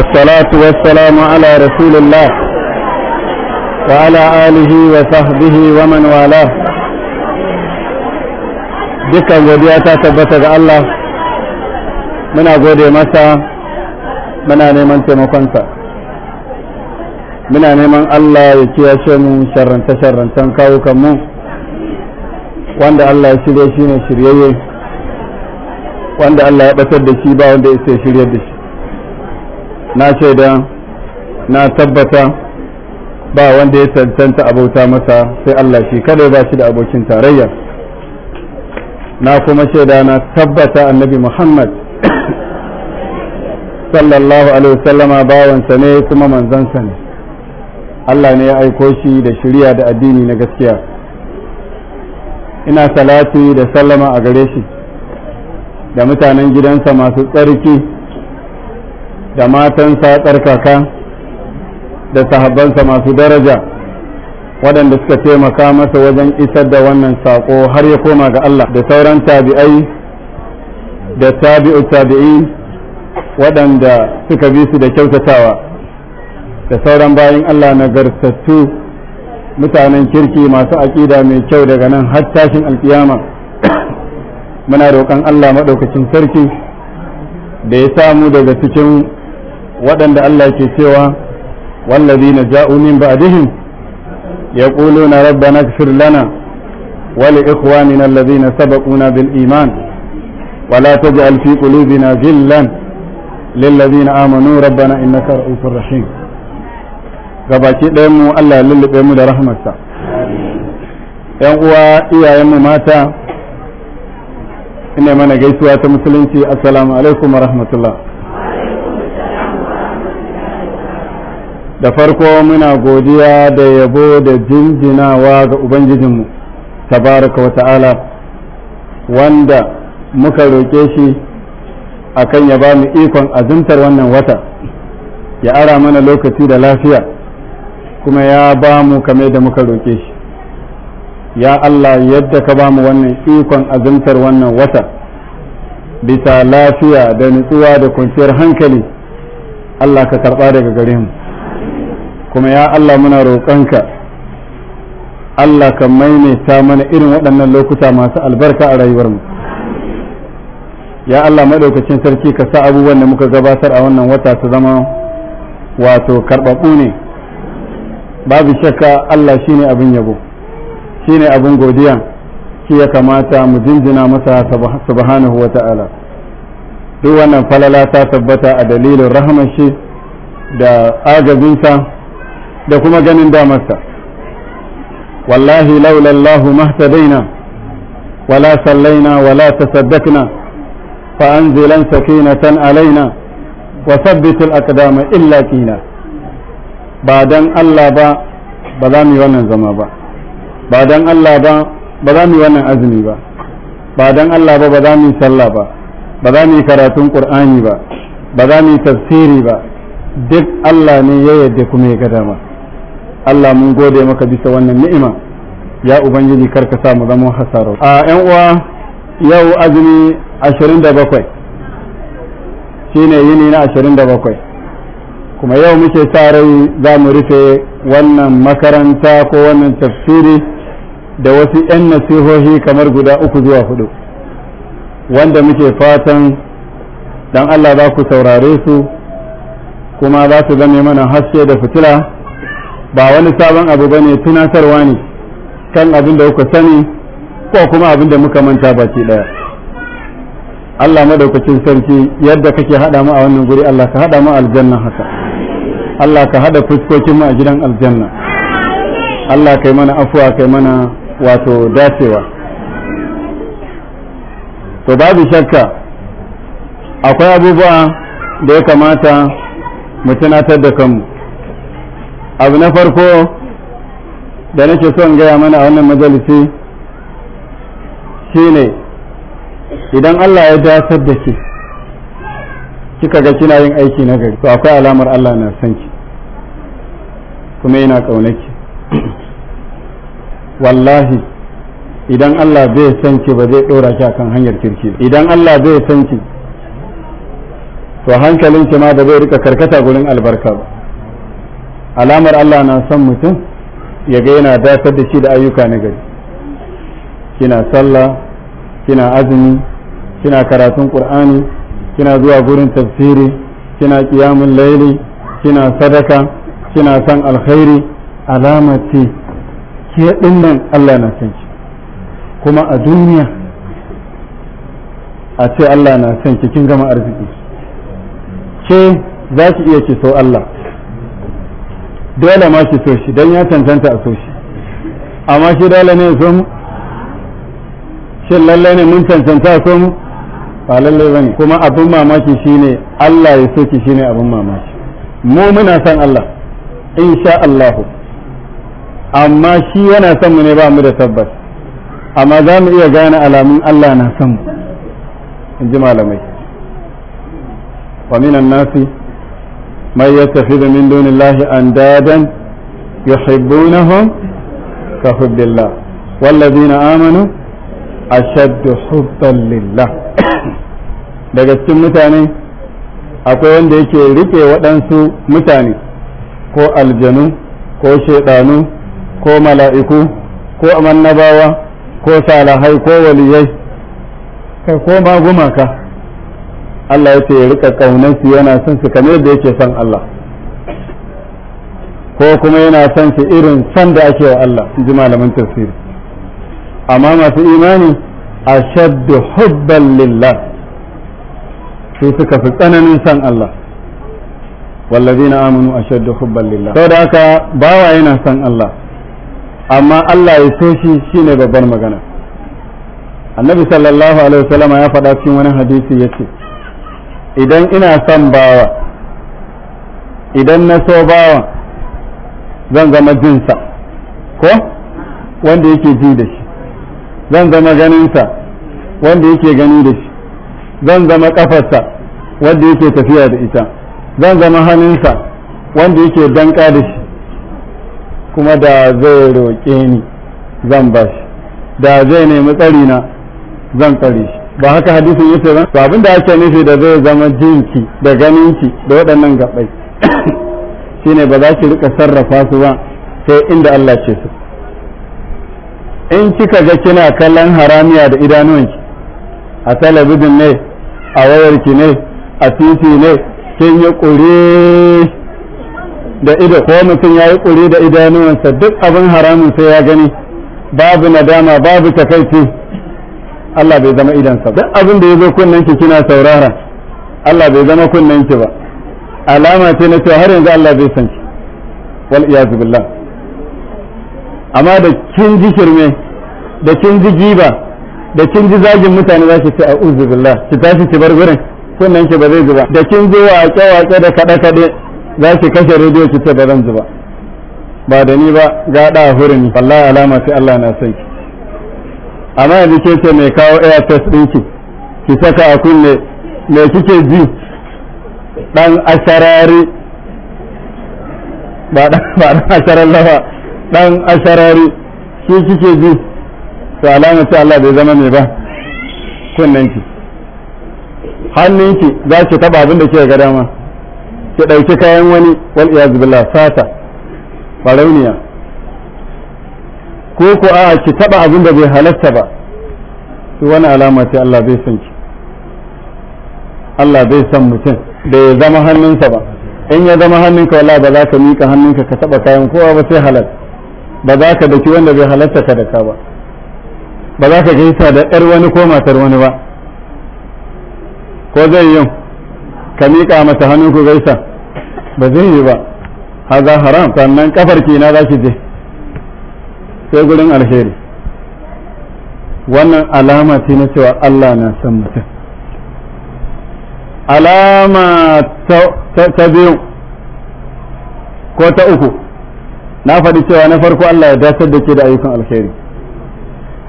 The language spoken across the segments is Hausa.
والصلاة والسلام على رسول الله وعلى آله وصحبه ومن والاه dukkan godiya ta tabbata ga Allah muna gode masa muna neman taimakonsa muna neman Allah ya kiyashe mu sharranta sharrantan kawukan wanda Allah ya shirye shi ne shiryayye wanda Allah ya batar da shi ba wanda ya da shi na shaida na tabbata ba wanda ya cancanta abota masa sai Allah shi kada ba shi da abokin tarayya na kuma shaida na tabbata annabi Muhammad sallallahu alaihi wasallama bawansa ne kuma manzansa ne Allah ne ya aiko shi da shirya da addini na gaskiya ina salati da sallama a gare shi da mutanen gidansa masu tsarki da matansa tsarkaka da sahabbansa masu daraja waɗanda suka taimaka masa wajen isar da wannan saƙo har ya koma ga Allah da sauran tabi'ai da tabi'u tabi'i waɗanda suka bi su da kyautatawa da sauran bayan Allah nagartattu mutanen kirki masu aƙida mai kyau daga nan har tashin alkiyama muna roƙon Allah maɗaukacin sarki da ya samu daga cikin waɗanda Allah ke cewa wallazina ja'u min ba'dihim yaquluna rabbana ighfir lana wa li ikhwanina alladhina sabaquna bil iman wa la taj'al fi qulubina ghillan gabaki mu Allah ya lullube mu da rahmarsa yan uwa iyayenmu mata ina mana gaisuwa ta musulunci assalamu alaikum wa rahmatullah da farko muna godiya da yabo da jinjinawa ga ubangijinmu tabaraka wa ta'ala wanda muka roƙe shi akan ya ba mu ikon azumtar wannan wata ya ara mana lokaci da lafiya kuma ya ba mu kame da muka roƙe shi ya Allah yadda ka ba mu wannan ikon azumtar wannan wata bisa lafiya da nutsuwa da kwanciyar hankali Allah ka karɓa daga gare mu kuma ya Allah muna roƙonka Allah ka maimaita mana irin waɗannan lokuta masu albarka a rayuwarmu ya Allah maɗaukacin sarki ka sa abubuwan da muka gabatar a wannan wata su zama wato karɓaɓu ne babu shakka Allah shi ne abin yabo shi ne abin godiya shi ya kamata mu jinjina masa subhanahu wa ta'ala duk wannan falala ta tabbata a dalilin rahmar shi da agabinsa da kuma ganin damarsa wallahi laula Allah mahtadaina wala sallaina wala tasaddaqna fa anzilan sakinatan alaina wa thabbitul aqdama illa qila ba dan Allah ba ba za mu yi wannan zama ba ba dan Allah ba ba za mu yi wannan azumi ba ba dan Allah ba ba za mu yi sallah ba ba za mu yi karatun Qur'ani ba ba za mu yi tafsiri ba duk Allah ne ya yadda kuma ya ga dama Allah mun gode maka bisa wannan ni'ima ya ubangiji karka sa mu zama hasaro a yan uwa yau azumi 27 shine yini na 27 kuma yau muke sa rai za mu rufe wannan makaranta ko wannan tafsiri da wasu 'yan nasihohi kamar guda uku zuwa hudu wanda muke fatan dan Allah za ku saurare su kuma za su zame mana haske da fitila ba wani sabon abu ba ne tunatarwa ne kan abin da kuka sani ko kuma abin da muka manta baki daya Allah madaukakin sarki yadda kake hada mu a wannan guri Allah ka hada mu aljanna haka Allah ka hada fuskokin mu a gidan aljanna Allah kai mana afuwa kai mana wato dacewa to babu shakka akwai abubuwa da ya kamata mu tunatar da kanmu abu na farko da nake son gaya mana a wannan majalisi shine idan Allah ya dasar da ke kika ga kina yin aiki na gari to akwai alamar Allah na son ki kuma yana ƙaunaki wallahi idan Allah bai son ki ba zai ɗora ki akan hanyar kirki idan Allah bai son ki to hankalinki ma da zai rika karkata gurin albarka ba alamar Allah na son mutum ya ga yana dasar da shi da ayyuka na gari kina sallah kina azumi kina karatun qur'ani kina zuwa gurin tafsiri kina qiyamul laili kina sadaka kina san alkhairi alama ce ke dinnan Allah na son ki kuma a duniya a ce Allah na son ki kin gama arziki ke za ki iya ki so Allah dole ma shi so shi don ya cancanta a so shi amma shi dole ne so mu shin lalle ne mun cancanta a so mu ba lalle bane kuma abin mamaki shi ne Allah ya so shi ne abin mamaki mu muna son Allah insha Allah amma shi yana son mu ne ba mu da tabbas amma za mu iya gane alamun Allah na son mu in ji malamai wa minan nasi من يتخذ من دون الله أندادا يحبونهم كحب الله والذين آمنوا أشد حبا لله daga cikin mutane akwai wanda yake rike waɗansu mutane ko aljanu ko shaiɗanu ko mala'iku ko amannabawa ko salahai ko waliyai kai ko gumaka Allah yace ya rika kaunar su yana son su kamar da yake son Allah ko kuma yana son su irin son da ake wa Allah ji malaman tafsiri amma masu imani ashaddu hubban lillah su suka fi tsananin son Allah wallazina amanu ashaddu hubban lillah da aka bawa yana son Allah amma Allah ya so shi shine babbar magana annabi sallallahu alaihi wasallama ya faɗa cikin wani hadisi yace idan ina son bawa idan na so bawa zan zama jinsa ko wanda yake ji da shi zan zama ganinsa wanda yake gani da shi zan zama kafarsa wanda yake tafiya da ita zan zama hannunsa wanda yake danka da shi kuma da zai roƙe ni zan ba shi da zai nemi tsari na zan tsare shi ba haka hadisin yake ba to abinda ake nufi da zai zama jinki da ganinki da waɗannan gabai shine ba za ki rika sarrafa su ba sai inda Allah ce su in kika ga kina kallon haramiya da idanuwanki a talabijin ne a wayarki ne a titi ne kin yi ƙure da ido ko mutum ya yi kuri da idanuwansa duk abin haramun sai ya gani babu nadama babu takaici Allah bai zama idansa duk abin da ya zo kunnen ki kina saurara Allah bai zama kunnen ki ba alama ce na cewa har yanzu Allah bai san ki wal iyazu billah amma da kin ji shirme da kin ji giba da kin ji zagin mutane za ki ce a'udhu billah ki tashi ki bar gurin kunnen ki ba zai zuba da kin ji waƙe waƙe da kaɗe kaɗe za ki kashe rediyo ki ce ba zan zuba ba da ni ba ga da hurumi wallahi alama ce Allah na san ki amma yanzu ke ce mai kawo test ɗinki ki saka a kunne mai kike ji ɗan asharari ba ɗan asharar lafa ɗan asharari shi kike ji to alama ce Allah bai zama mai ba kunnenki hannunki za ki taɓa abin da ke ga dama ki ɗauki kayan wani wal iyaz billah sata barauniya ko ku a ki taba abin da bai halatta ba shi wani alama ce Allah bai san ki Allah bai san mutum bai zama hannunsa ba in ya zama hannunka wallahi ba za ka mika hannunka ka taba kayan kowa ba sai halal ba za ka daki wanda bai halatta ka daka ba ba za ka gaisa da yar wani ko matar wani ba ko zai yi ka mika mata hannu ku gaisa ba zai yi ba haza haram sannan kafar kina za ki je sai gurin alheri wannan alama ce na cewa Allah na san mutum alama ta biyu ko ta uku na faɗi cewa na farko Allah ya dasar da ke da ayyukan alheri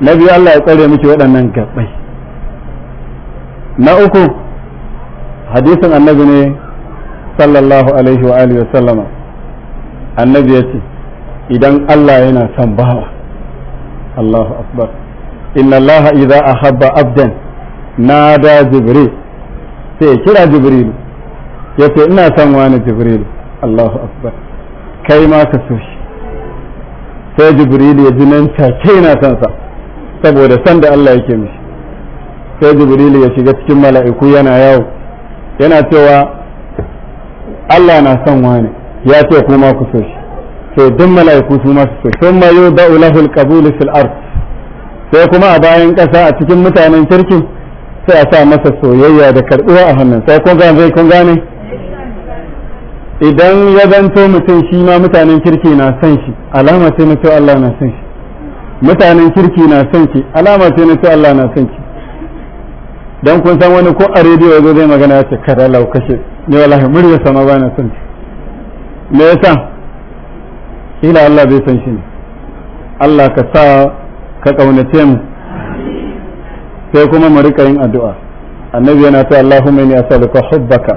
na biyu Allah ya tsare miki waɗannan gaɓai na uku hadisin annabi ne sallallahu alaihi wa alihi wa sallama annabi ya ce idan Allah yana son bawa الله أكبر إن الله إذا أحب ina son wani jibril Allahu akbar kai ma ka ya ji nan take na saboda san da Allah yake mishi sai jibril ya shiga cikin mala'iku yana yawo yana cewa Allah na son wani to duk mala'iku su masu su sun ma yi da'u lahul qabulu fil ard sai kuma a bayan ƙasa a cikin mutanen kirki sai a sa masa soyayya da karɓuwa a hannun sai kun zai kun gane idan ya zanto mutum shi ma mutanen kirki na son shi alama ce na cewa Allah na son shi mutanen kirki na son ki alama ce na cewa Allah na son ki dan kun san wani ko a rediyo yazo zai magana ya ce kada lau kashe ni wallahi muryar sama ba na son ki me yasa kila Allah bai san shi ne Allah ka sa ka kaunace mu sai kuma mu rika yin addu'a annabi yana ta Allahumma inni as'aluka hubbaka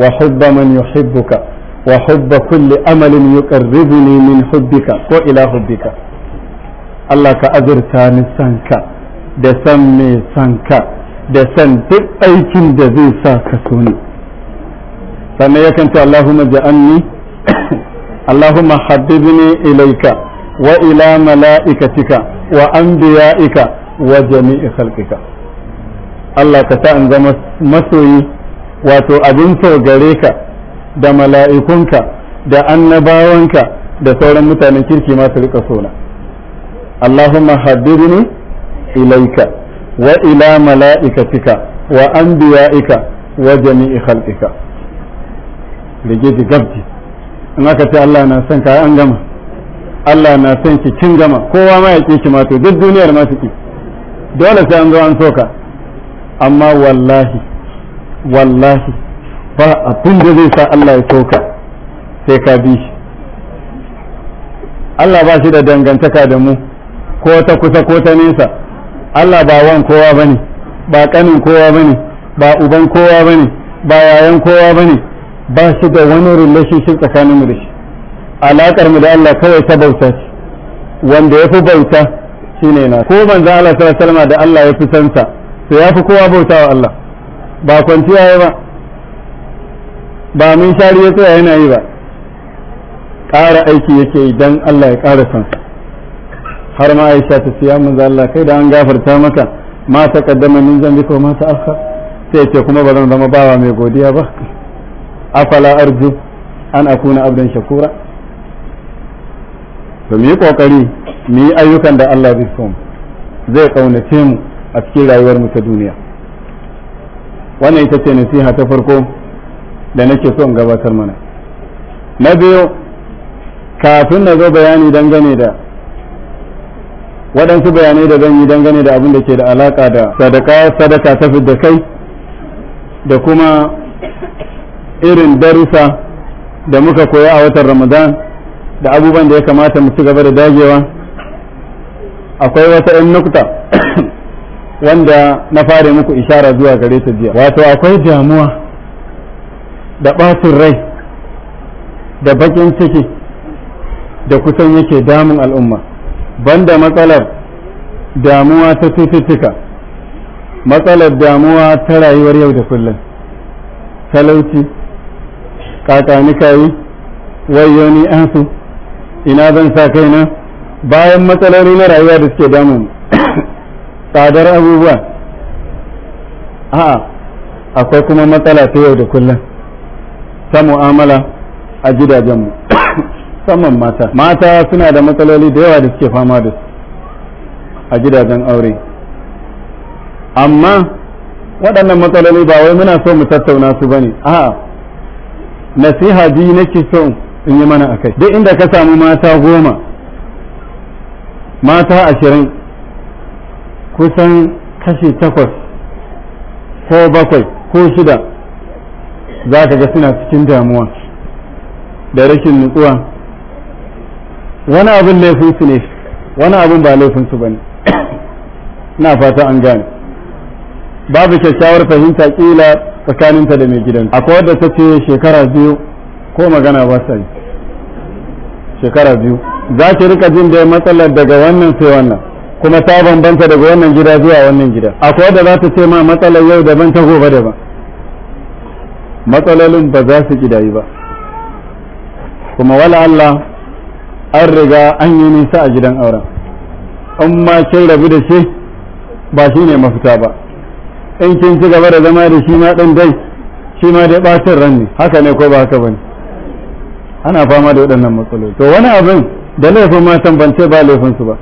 wa hubba man yuhibbuka wa hubba kulli amalin yuqarribuni min hubbika ko ila hubbika Allah ka azurta ni sanka da san me sanka da san duk aikin da zai sa ka so ni sannan yakan ce Allahumma ja'alni اللهم حببني إليك وإلى ملائكتك وأنبيائك وجميع خلقك Allah ka sa in zama masoyi wato abin so gareka, da mala'ikunka da annabawanka da sauran mutanen kirki masu rika sona Allahumma habbibni ilaika wa ila mala'ikatika wa anbiya'ika wa jami'i khalqika rigiji gabji in aka ce Allah na son ka an gama Allah na son ki kin gama kowa ma ya ki ma to duk duniyar ma ki dole sai an zo an soka amma wallahi wallahi ba abin da zai sa Allah ya soka sai ka bi shi Allah ba shi da dangantaka da mu ko ta kusa ko ta nesa Allah ba wan kowa bane ba kanin kowa bane ba uban kowa bane ba yayan kowa bane ba shi da wani relationship tsakanin mu da shi alaƙar mu da Allah kawai ta bauta ce wanda ya fi bauta shi ne na ko manzo Allah sallallahu alaihi da Allah ya fi santa to ya fi kowa bauta wa Allah ba kwanciya ba ba mun shari'a ya yana yi ba ƙara aiki yake yi dan Allah ya ƙara san har ma Aisha ta ce ya manzo Allah kai da an gafarta maka ma ta kaddama min zan bi ko ma ta akha sai ce kuma ba zan zama bawa mai godiya ba afala arju an akuna abdan shakura to mu yi kokari mu yi ayyukan da Allah bi so zai kaunace mu a cikin rayuwar mu ta duniya wannan ita ce nasiha ta farko da nake so in gabatar mana na biyu kafin na zo bayani dangane da waɗansu bayanai da zan yi dangane da abin da ke da alaƙa da sadaka sadaka ta da kai da kuma irin darussa da muka koya a watan ramadan da abubuwan da ya kamata mu ci gaba da dagewa akwai wata 'yan nukta wanda na fara muku ishara zuwa gare ta jiya wato akwai damuwa da ɓacin rai da bakin ciki da kusan yake damun al'umma banda matsalar damuwa ta cututtuka matsalar damuwa ta rayuwar yau da kullum talauci kaka yi, wai yoni an su ina zan sa kai na? bayan matsaloli na rayuwa da suke damu tsadar abubuwa a'a akwai kuma matsala ta yau da kullum ta mu'amala a gidajenmu saman mata mata suna da matsaloli da yawa da suke fama da su a gidajen aure amma waɗannan matsaloli ba wai muna so mu tattauna su ba ne. a'a nasiha biyu nake so in yi mana akai duk inda ka samu mata goma mata ashirin kusan kashi takwas ko bakwai ko shida za ka ga suna cikin damuwa da rashin nutsuwa wani abin laifinsu ne wani abin ba laifinsu ba ne na fata an gane babu kyakkyawar fahimta kila tsakaninta da mai gidan akwai wadda ta ce shekara biyu ko magana ba sa shekara biyu za ki rika jin da matsalar daga wannan sai wannan kuma ta bambanta daga wannan gida zuwa wannan gida akwai wadda za ta ce ma matsalar yau daban ta gobe daban matsalolin ba za su kidayi ba kuma wala Allah an riga an yi nisa a gidan auren an ma kin rabu da shi ba shi ne mafita ba in kin ci gaba da zama da shi ma ɗan dai shi ma dai ɓacin ran ne haka ne ko ba haka ba ne ana fama da waɗannan matsaloli to wani abin da laifin matan ban ce ba laifin su ba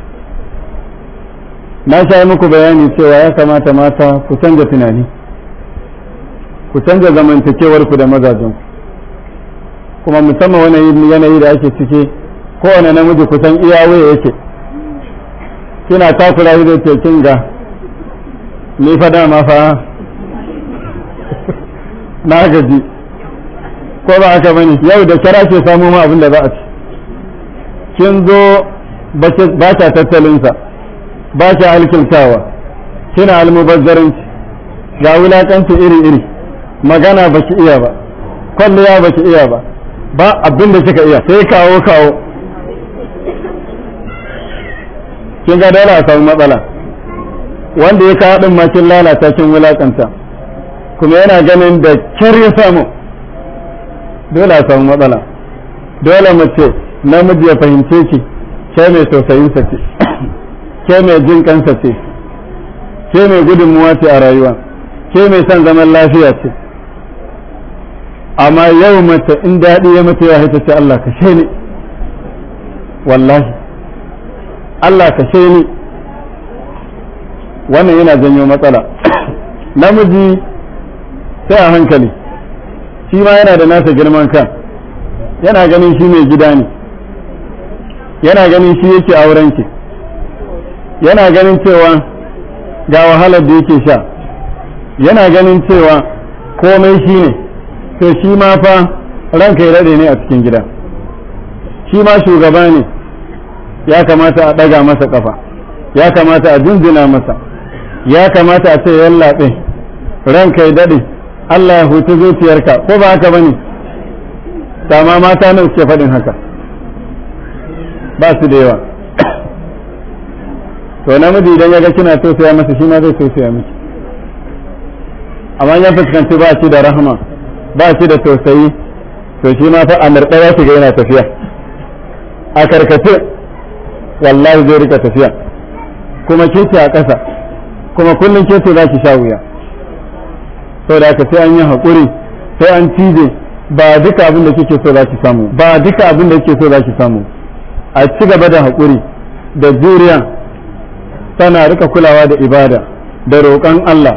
na sha muku bayani cewa ya kamata mata ku canza tunani ku canza zamantakewarku da mazajen kuma musamman wani yanayi da ake ciki kowane namiji kusan iya waya yake kina takura shi da ke kinga ni fa dama fa na gaji ko ba haka bane yau da kira ke samu ma abin da za a ci kin zo ba ta tattalinsa ba ta alkintawa kina almubazzarin ga wulakanci iri-iri magana ba ki iya ba kwalliya ba ki iya ba ba abin da kika iya sai kawo kawo kin ga dole a samu matsala wanda ya kawo ɗin makin lalata cikin wulaƙanta kuma yana ganin da kyar ya samu dole a samu matsala dole mace namiji ya fahimce ki ke mai sa ce ke mai jin kansa ce ke mai gudunmuwa ce a rayuwa ke mai son zaman lafiya ce amma yau mace in daɗi ya mata ya haita ce Allah ka ni wallahi Allah ka ni wannan yana janyo matsala namiji sai a hankali shi ma yana da nasa girman kan yana ganin shi mai gida ne yana ganin shi yake auren ki yana ganin cewa ga wahalar da yake sha yana ganin cewa komai shi ne to shi ma fa ranka ya rade ne a cikin gida shi ma shugaba ne ya kamata a ɗaga masa ƙafa ya kamata a jinjina masa ya kamata a ce yallaɓe ranka ya daɗe Allah ya hutu zuciyarka ko ba haka bane ma mata nan suke faɗin haka ba su da yawa to namiji idan ya ga kina tausaya masa shi ma zai tausaya miki amma ya fuskanci ba shi da rahama ba shi da tausayi to shi ma fa a narɗa ya shiga yana tafiya a karkace wallahi zai rika tafiya kuma kinki a ƙasa kuma kullum ke so za ki sha wuya da haka sai an yi hakuri sai an cije ba duka abin da kike so za ki samu ba duka abin da kike so za ki samu a ci gaba da hakuri da juriya tana rika kulawa da ibada da roƙon Allah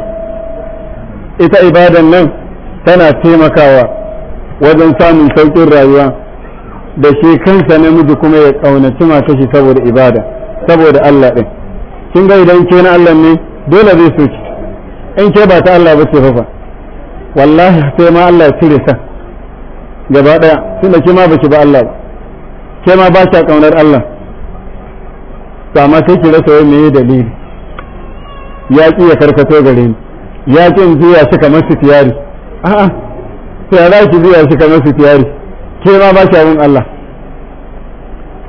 ita ibadan nan tana taimakawa wajen samun sauƙin rayuwa da shi kansa namiji kuma ya ƙaunaci mata shi saboda ibada saboda Allah ɗin kin ga idan ke na Allah ne dole zai so in ke ba ta Allah ba ce fa wallahi sai ma Allah ya cire ta gaba daya tunda ke ma baki ba Allah ke ma ba ki kaunar Allah to amma sai ki rasa wai meye dalili ya ki ya karkato gare ni ya ki in shi kamar su tiyari a'a to ya ki juya shi kamar su tiyari ke ma ba ki abin Allah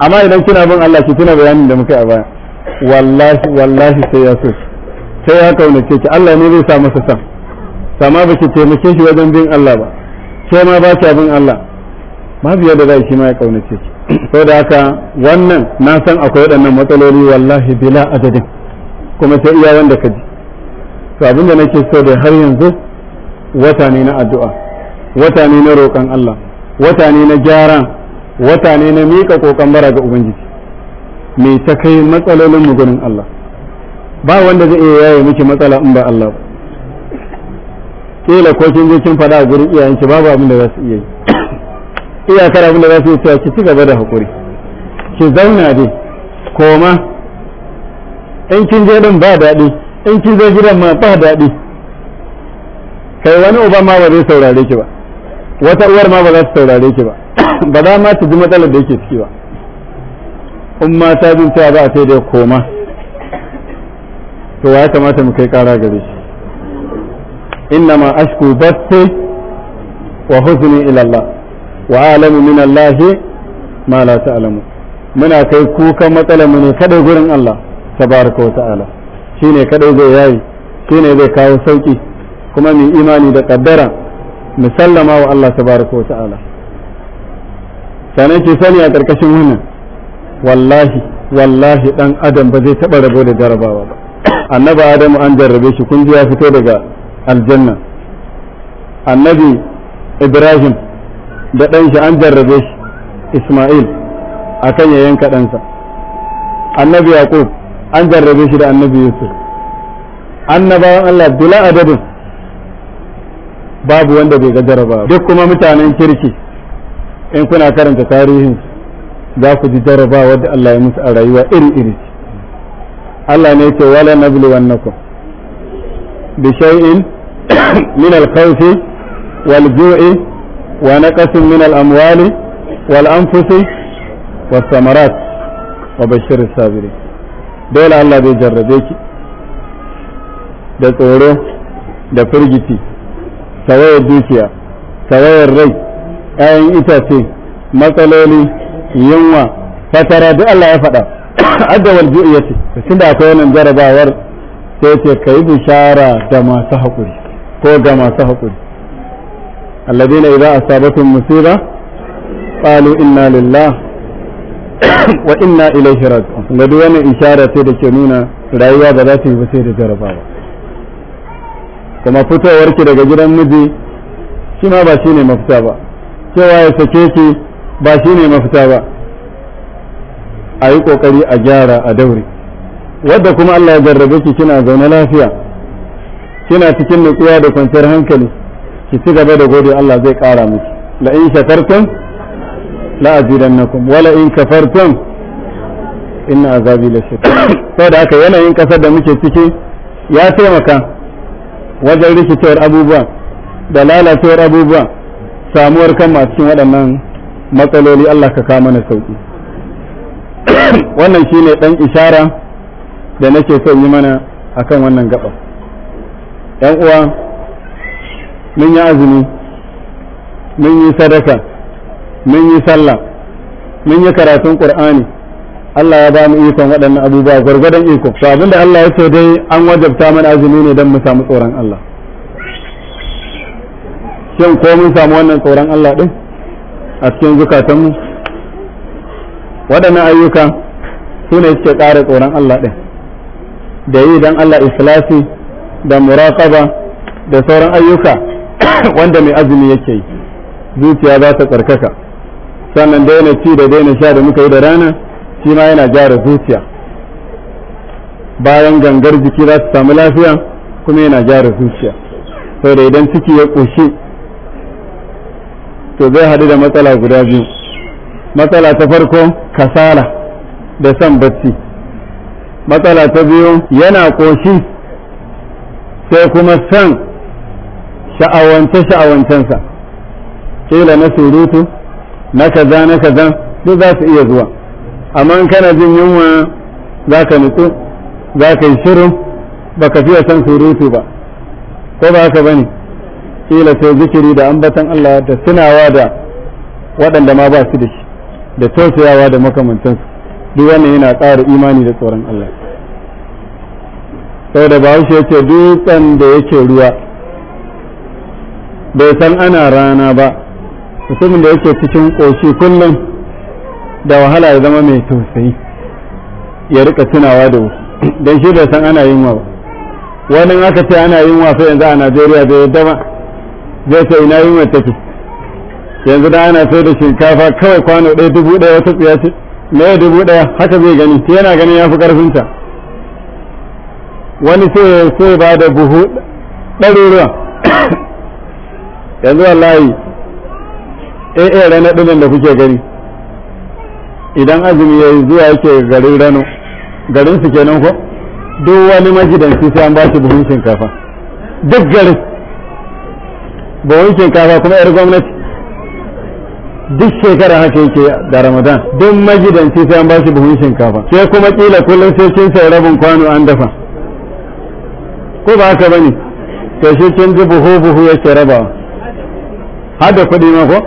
amma idan kina bin Allah ki tuna bayanin da muka yi a baya wallahi wallahi sai ya so sai ya kaunace ki Allah ne zai sa masa san sama ba ki taimake shi wajen bin Allah ba sai ma ba ki bin Allah ma biya da zai shi ma ya kaunace ki saboda haka wannan na san akwai waɗannan matsaloli wallahi bila adadin kuma sai iya wanda ka ji to abin da nake so da har yanzu wata ne na addu'a wata ne na roƙon Allah wata ne na gyara wata ne na miƙa ƙoƙon bara ga ubangiji me ta kai matsalolin mu gurin Allah ba wanda zai iya yaye miki matsala in ba Allah ba. kila ko kin je kin fada a gurin ki babu abin da za su iya yi iyakar abin da za su iya cewa ki ci gaba da hakuri ki zauna dai koma in kin je din ba daɗi in kin zo gidan ma ba daɗi kai wani uba ma ba zai saurare ki ba wata uwar ma ba za su saurare ki ba ba za ma ta ji matsalar da yake ciki ba in ta bin cewa ba a sai dai koma to ya kamata mu kai kara gare shi inna ma ashku bathi wa huzni ila Allah wa alamu min Allah ma la ta'lamu muna kai kukan matsalar mu ne kadai gurin Allah tabaraka wa ta'ala shine kadai zai yayi shine zai kawo sauki kuma mu imani da kaddara mu sallama wa Allah tabaraka wa ta'ala sanan ki sani a karkashin wannan wallahi wallahi dan adam ba zai taba rabo da jarabawa ba annabi adamu an jarrabe shi kun ji ya fito daga aljanna annabi ibrahim da ɗan shi an jarrabe shi isma'il akan ya yanka ɗansa annabi yaqub an jarrabe shi da annabi yusuf annabawan allah bila adadin babu wanda bai ga jarraba duk kuma mutanen kirki in kuna karanta tarihin za ku ji jarrabawa da allah ya musu a rayuwa iri iri Allah ne ce wala nabluwannakum bi shay'in min al-khawfi wal ju'i wa naqasin min al-amwali wal anfusi was samarat wa bashir sabiri dole Allah zai jarrabe ki da tsoro da firgiti tawayar dukiya tawayar rai ‘ya'yan itace matsaloli yunwa fatara duk Allah ya faɗa adda wal ju'yati tun da akwai wannan jarabawar sai ce kai bishara da masu haƙuri ko ga masu haƙuri alladina idza asabatum musiba qalu inna lillah wa inna ilaihi raji'un ga duk wannan ishara ce da ke nuna rayuwa ba za su yi ba sai da jarabawa kuma fitowar ki daga gidan miji shi ma ba shine mafita ba cewa ya sake ki ba shine mafita ba a yi kokari a gyara a daure wadda kuma Allah ya jarrabe ki kina zaune lafiya kina cikin nutsuwa da kwanciyar hankali ki ci gaba da gode Allah zai kara miki la in shakartum la azidannakum wala in kafartum inna azabi lashadid Sau da haka yanayin kasar da muke ciki ya taimaka wajen rikicewar abubuwa da lalacewar abubuwa samuwar kan masu cikin waɗannan matsaloli Allah ka kama na sauki wannan shine ɗan ishara da nake son yi mana akan wannan gaba yan uwa mun yi azumi mun yi sadaka mun yi sallah mun yi karatun qur'ani Allah ya ba mu ikon waɗannan abubuwa gwargwadon iko to abinda Allah ya ce dai an wajabta mana azumi ne don mu samu tsoron Allah shin ko mun samu wannan tsoron Allah din a cikin zukatanmu waɗannan ayyuka su ne suke ƙara tsoron Allah ɗin da yi don Allah islasi da muraƙaba da sauran ayyuka wanda mai azumi yake yi zuciya za ta tsarkaka sannan daina ci da daina sha da muka yi da rana shi ma yana gyara zuciya bayan gangar jiki za su samu lafiya kuma yana gyara zuciya sau da idan ciki ya ƙoshi to zai haɗu da matsala guda biyu matsala ta farko kasala da son bacci matsala ta biyu yana ƙoshi sai kuma son sha'awance-sha'awancensa kila na surutu na kaza na kaza duk za su iya zuwa amma kana jin yunwa za ka nutsu za ka yi shirin ba ka fiye son surutu ba ko ba haka ba ne kila sai zikiri da ambatan Allah da tunawa da waɗanda ma ba su da shi da tausayawa da makamantansu duk wannan yana ƙara imani da tsoron Allah da bahaushe ya ce dutsen da yake ruwa bai san ana rana ba mutumin da yake cikin ƙoshi kullum da wahala ya zama mai tausayi ya rika tunawa da wasu don shi bai san ana yin wa wani aka ce ana yin wa sai yanzu a najeriya bai yadda dama zai ce ina yin wa take yanzu da ana sai da shinkafa kawai kwano ɗaya dubu ɗaya wata tsiya ce me dubu ɗaya haka zai gani yana ganin ya fi ƙarfinta wani sai sai ba da buhu ɗaruruwa yanzu wallahi ɗaya ɗaya rana ɗinan da kuke gani idan azumi ya yi zuwa yake garin rano garin su kenan ko duk wani magidanci sai an ba shi buhun shinkafa duk garin buhun shinkafa kuma 'yar gwamnati duk shekara haka yake da ramadan don magidanci sai an shi buhun shinkafa sai kuma kila kullum sai kin sai rabin kwano an dafa ko ba haka bane to shi kin ji buhu buhu yake rabawa har da kuɗi ma ko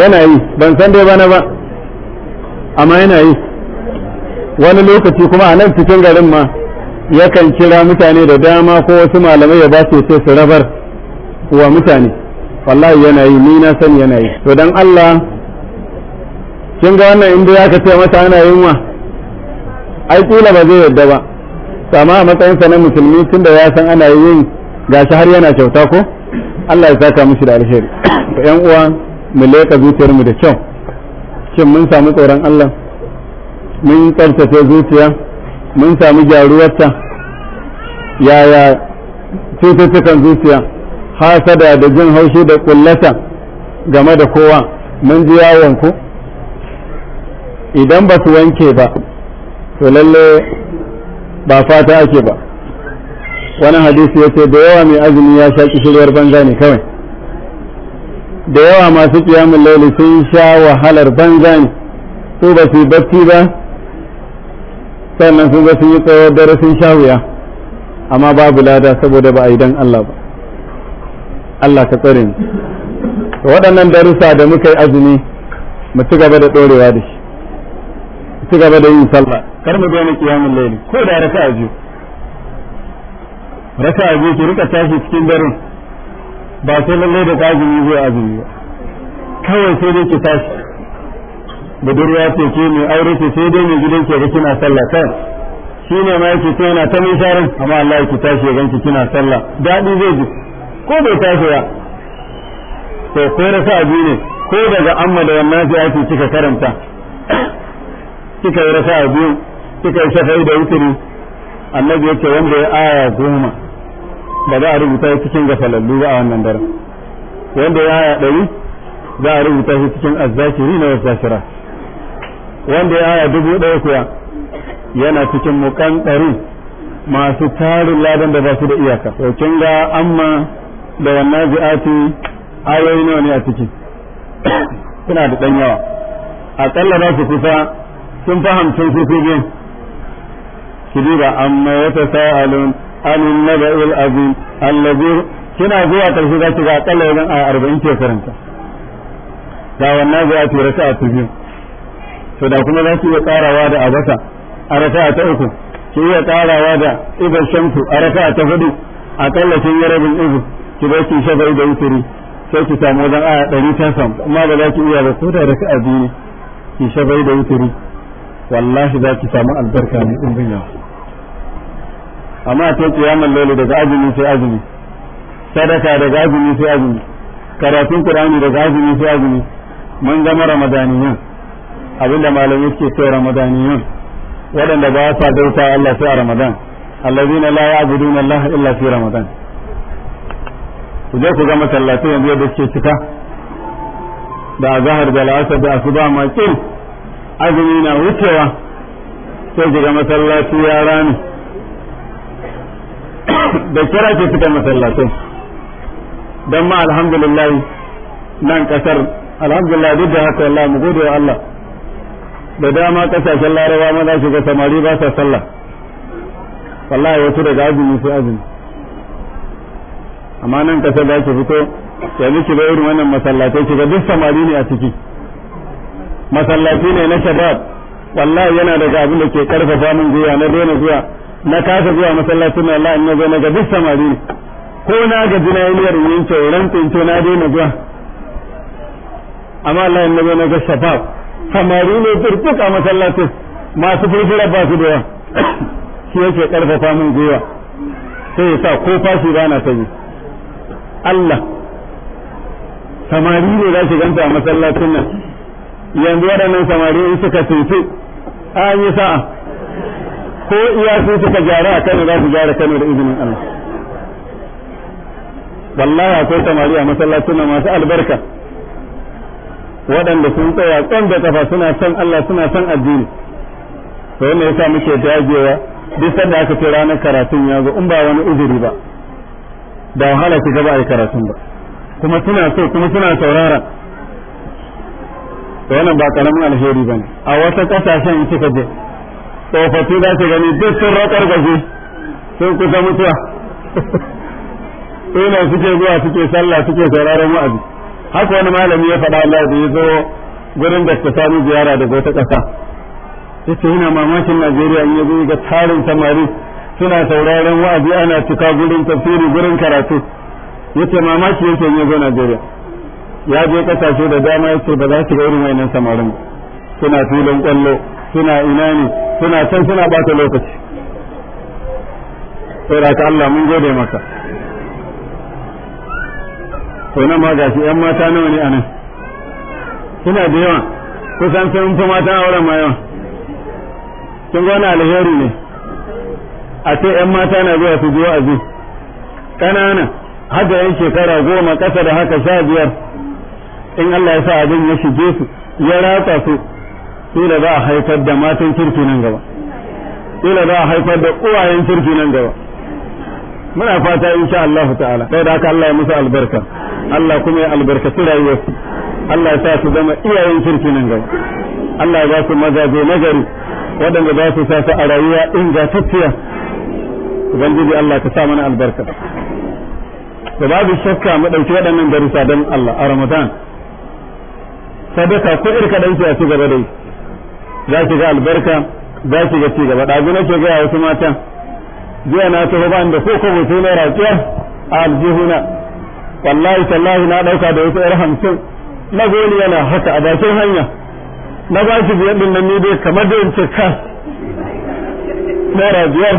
yana yi ban san dai bana ba amma yana yi wani lokaci kuma a nan cikin garin ma yakan kira mutane da dama ko wasu malamai ya ba su ce su rabar wa mutane wallahi yana yi ni na sani yana to dan Allah kin ga wannan inda ka ce mata ana yunwa ai kula ba zai yarda ba amma a matsayin sa na musulmi tunda ya san ana yin gashi har yana kyauta ko Allah ya saka mishi da alheri to ƴan uwa mu leka zuciyar mu da kyau shin mun samu tsoron Allah mun tsarkace zuciya mun samu gyaruwarta yaya cututtukan zuciya hasada da jin haushi da kullata game da kowa mun ji yawonku idan ba su wanke ba to lalle ba fata ake ba wani hadisi ya ce da yawa mai azumi ya sha kishiriyar banza ne kawai da yawa masu kiyamun laili sun sha wahalar banza ne su ba su yi bacci ba sannan sun ga sun yi tsawon dare sun sha wuya amma babu lada saboda ba a yi dan Allah ba Allah ka tsare mu to waɗannan darussa da muka yi azumi mu ci gaba da ɗorewa da shi mu ci gaba da yin sallah kar mu daina kiyamul layli ko da rasa biyu rasa biyu ki rika tashi cikin daren ba sai lalle da azumi zai azumi ba kawai sai dai ki tashi budurwa ce ke mai aure ce sai dai mai gidan ke ga kina sallah kai shi ne ma yake ce yana ta mai sharin amma Allah ya ki tashi ya ganki kina sallah daɗi zai ji ko bai tashi ba to ko rasa biyu ne ko daga amma da wannan sai ake kika karanta kika yi rasa biyu kika yi shafa'i da wutiri annabi yake wanda ya aya goma ba za a rubuta shi cikin gafalallu ba a wannan dare wanda ya aya ɗari za a rubuta shi cikin azzakiri na wasashira wanda ya aya dubu ɗaya kuwa yana cikin mukan ɗari masu tarin ladan da ba su da iyaka to kin ga amma da wannan zi'ati ayoyi nawa ne a ciki suna da ɗan yawa aƙalla za su kusa sun fahimci su su biyu ki duba amma ya ta sa'alun anin naba'il azim allazi kina zuwa ƙarshe za ki ga aƙalla wajen a arba'in ke karanta da wannan zi'ati rasa a biyu to da kuma za su iya ƙarawa da abasa a raka'a ta uku ki iya ƙarawa da idan shamsu a raka'a ta hudu aƙalla sun yi rabin izu ki bar ki shafa'i da wuturi sai ki samu wajen aya ɗari can sam amma ba za ki iya ba ko da raka a biyu ki shafa'i da wuturi wallahi za ki samu albarka ne in bin yawa amma ta yaman laili daga azumi sai azumi sadaka daga azumi sai azumi karatun kurani daga azumi sai azumi mun gama ramadaniyan abinda malamai suke cewa ramadaniyan waɗanda ba sa bauta Allah sai a ramadan allazina la ya'buduna Allah illa fi ramadan ku je ku ga masallatai yanzu yadda suke cika da zahar da la'asar da asuba ma kin azumi na wucewa sai ku ga masallaci ya rani da kira ke cika masallacin don ma alhamdulillah nan kasar alhamdulillah duk da haka Allah mu gode wa Allah da dama kasashen laraba maza su ga samari ba sa sallah wallahi wasu daga azumi sai azumi amma nan kasa za ki fito yanzu ki ga irin wannan masallatai ki ga duk samari ne a ciki masallaci ne na shabab wallahi yana daga abin da ke karfafa min zuwa na daina zuwa na kasa zuwa masallacin Allah in zo na ga duk samari ne ko na ga jinayiyar yin tsoron tsinto na daina zuwa amma Allah in zo na ga shabab samari ne turtuka masallacin masu furfura ba su da yawa shi yake karfafa min zuwa sai ya sa ko fashi ba na ta yi Allah samari ne za su ganta a masallacin nan yanzu waɗannan samari in suka tutu an yi sa'a ko iya su suka gyara a Kano za su gyara Kano da izinin Allah wallahi akwai samari a masallacin nan masu albarka waɗanda sun tsaya tsan da kafa suna son Allah suna son addini to ya yasa muke dagewa duk sanda aka ce ranar karatun ya zo in ba wani uzuri ba da wahala ki gaba a karatun ba kuma suna so kuma suna saurara to wannan ba karamin alheri ba ne a wata kasashen kika je tsofaffi za su gani duk sun raƙar gaje sun kusa mutuwa ina suke zuwa suke sallah suke sauraron wa'azi haka wani malami ya faɗa Allah da ya zo gurin da ta sami ziyara daga wata ƙasa yace ina mamakin Najeriya in ya ga tarin samari suna sauraron wa'azi ana cika gurin tafsiri gurin karatu yace mamaki yake yi zo Najeriya ya je kasashe da dama yace ba za su ga irin wayannan samarin suna filin kwallo suna ina ne suna can suna bata lokaci sai ka Allah mun gode maka to nan ma gashi yan mata nawa ne anan suna da yawa kusan sun fi mata auren ma yawa kin ga wani alheri ne a ce yan mata na zuwa su biyo azu ƙanana haka yan shekara goma ƙasa da haka sha biyar in Allah ya sa abin ya shige su ya ratsa su kila za a haifar da matan kirki nan gaba kila za a haifar da uwayen kirki nan gaba muna fata in sha Allah ta'ala sai da haka Allah ya musu albarka Allah kuma ya albarka su rayuwarsu Allah ya sa su zama iyayen kirki nan gaba Allah ya ba su mazaje nagari waɗanda za su sa su a rayuwa ingantacciya ubangiji Allah ka sa mana albarka ba babu shakka mu dauki waɗannan darussa don Allah a Ramadan sadaka ko irka ka dauki a ci gaba dai za ki ga albarka za ki ga ci gaba da gona ke ga wasu mata jiya na ta ba da ko ko sai na raƙiya a aljihuna wallahi tallahi na ɗauka da wasu 'yar hamsin na goli yana haka a bakin hanya na ba shi biyar din nan ne dai kamar da yin cikas. ka naira biyar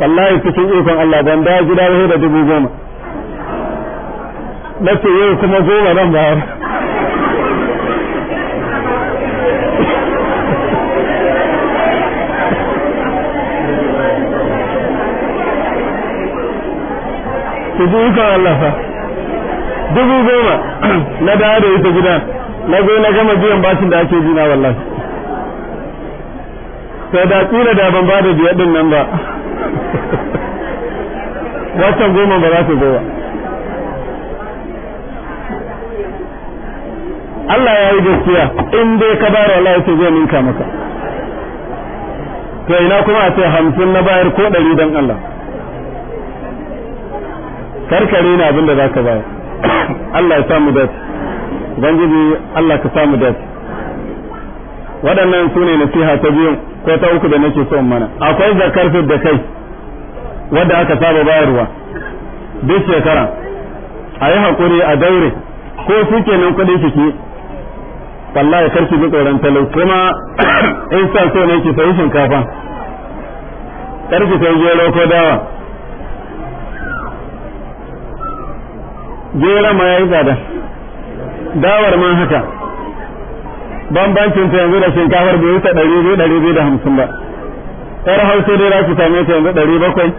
wallahi cikin ikon Allah ban da gida wai da dubu goma nace yau kuma goma nan ba ku ji ikon Allah fa dubu goma na dawo da ita gida na zo na gama biyan bashin da ake jina wallahi sai da tsira da ban ba da biyar din nan ba wata goma ba za ta zo ba Allah ya yi gaskiya in dai ka bayar Allah ya ce zai ninka maka to ina kuma a ce hamsin na bayar ko ɗari don Allah karkare na abin da za ka bayar Allah ya samu dace ubangiji Allah ka samu dace waɗannan su ne nasiha ta biyu ko ta uku da nake son mana akwai zakar da kai wadda aka saba bayarwa duk shekara a yi haƙuri a daure ko su kenan kuɗin kiki wallahi karki bi tsoron talo kuma in sa so ne ki sayi shinkafa karki sai gero ko dawa gero ma yayi tsada dawar ma haka bambancin ta yanzu da shinkafar bai wuce ɗari biyu ɗari biyu da hamsin ba ɗar hausa dai za ki same ta yanzu ɗari bakwai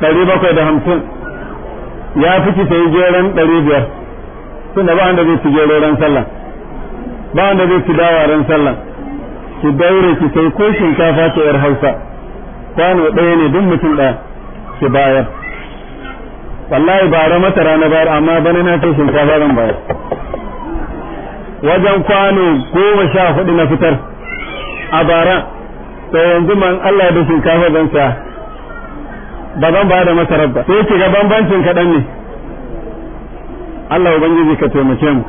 ɗari bakwai da hamsin ya fi ki sayi jeren ɗari biyar tunda ba wanda zai ci jero sallah ba wanda zai ci dawa sallah ki daure ki sai ko shinkafa ta yar hausa kwano ɗaya ne duk mutum ɗaya ki bayar wallahi ba ra mata rana bayar amma bana na kai shinkafa zan bayar wajen kwano goma sha hudu na fitar a bara sai yanzu man Allah da shinkafa zan sa ba zan ba da masarar ba sai ki ga bambancin kaɗan ne Allah ubangiji ka taimake mu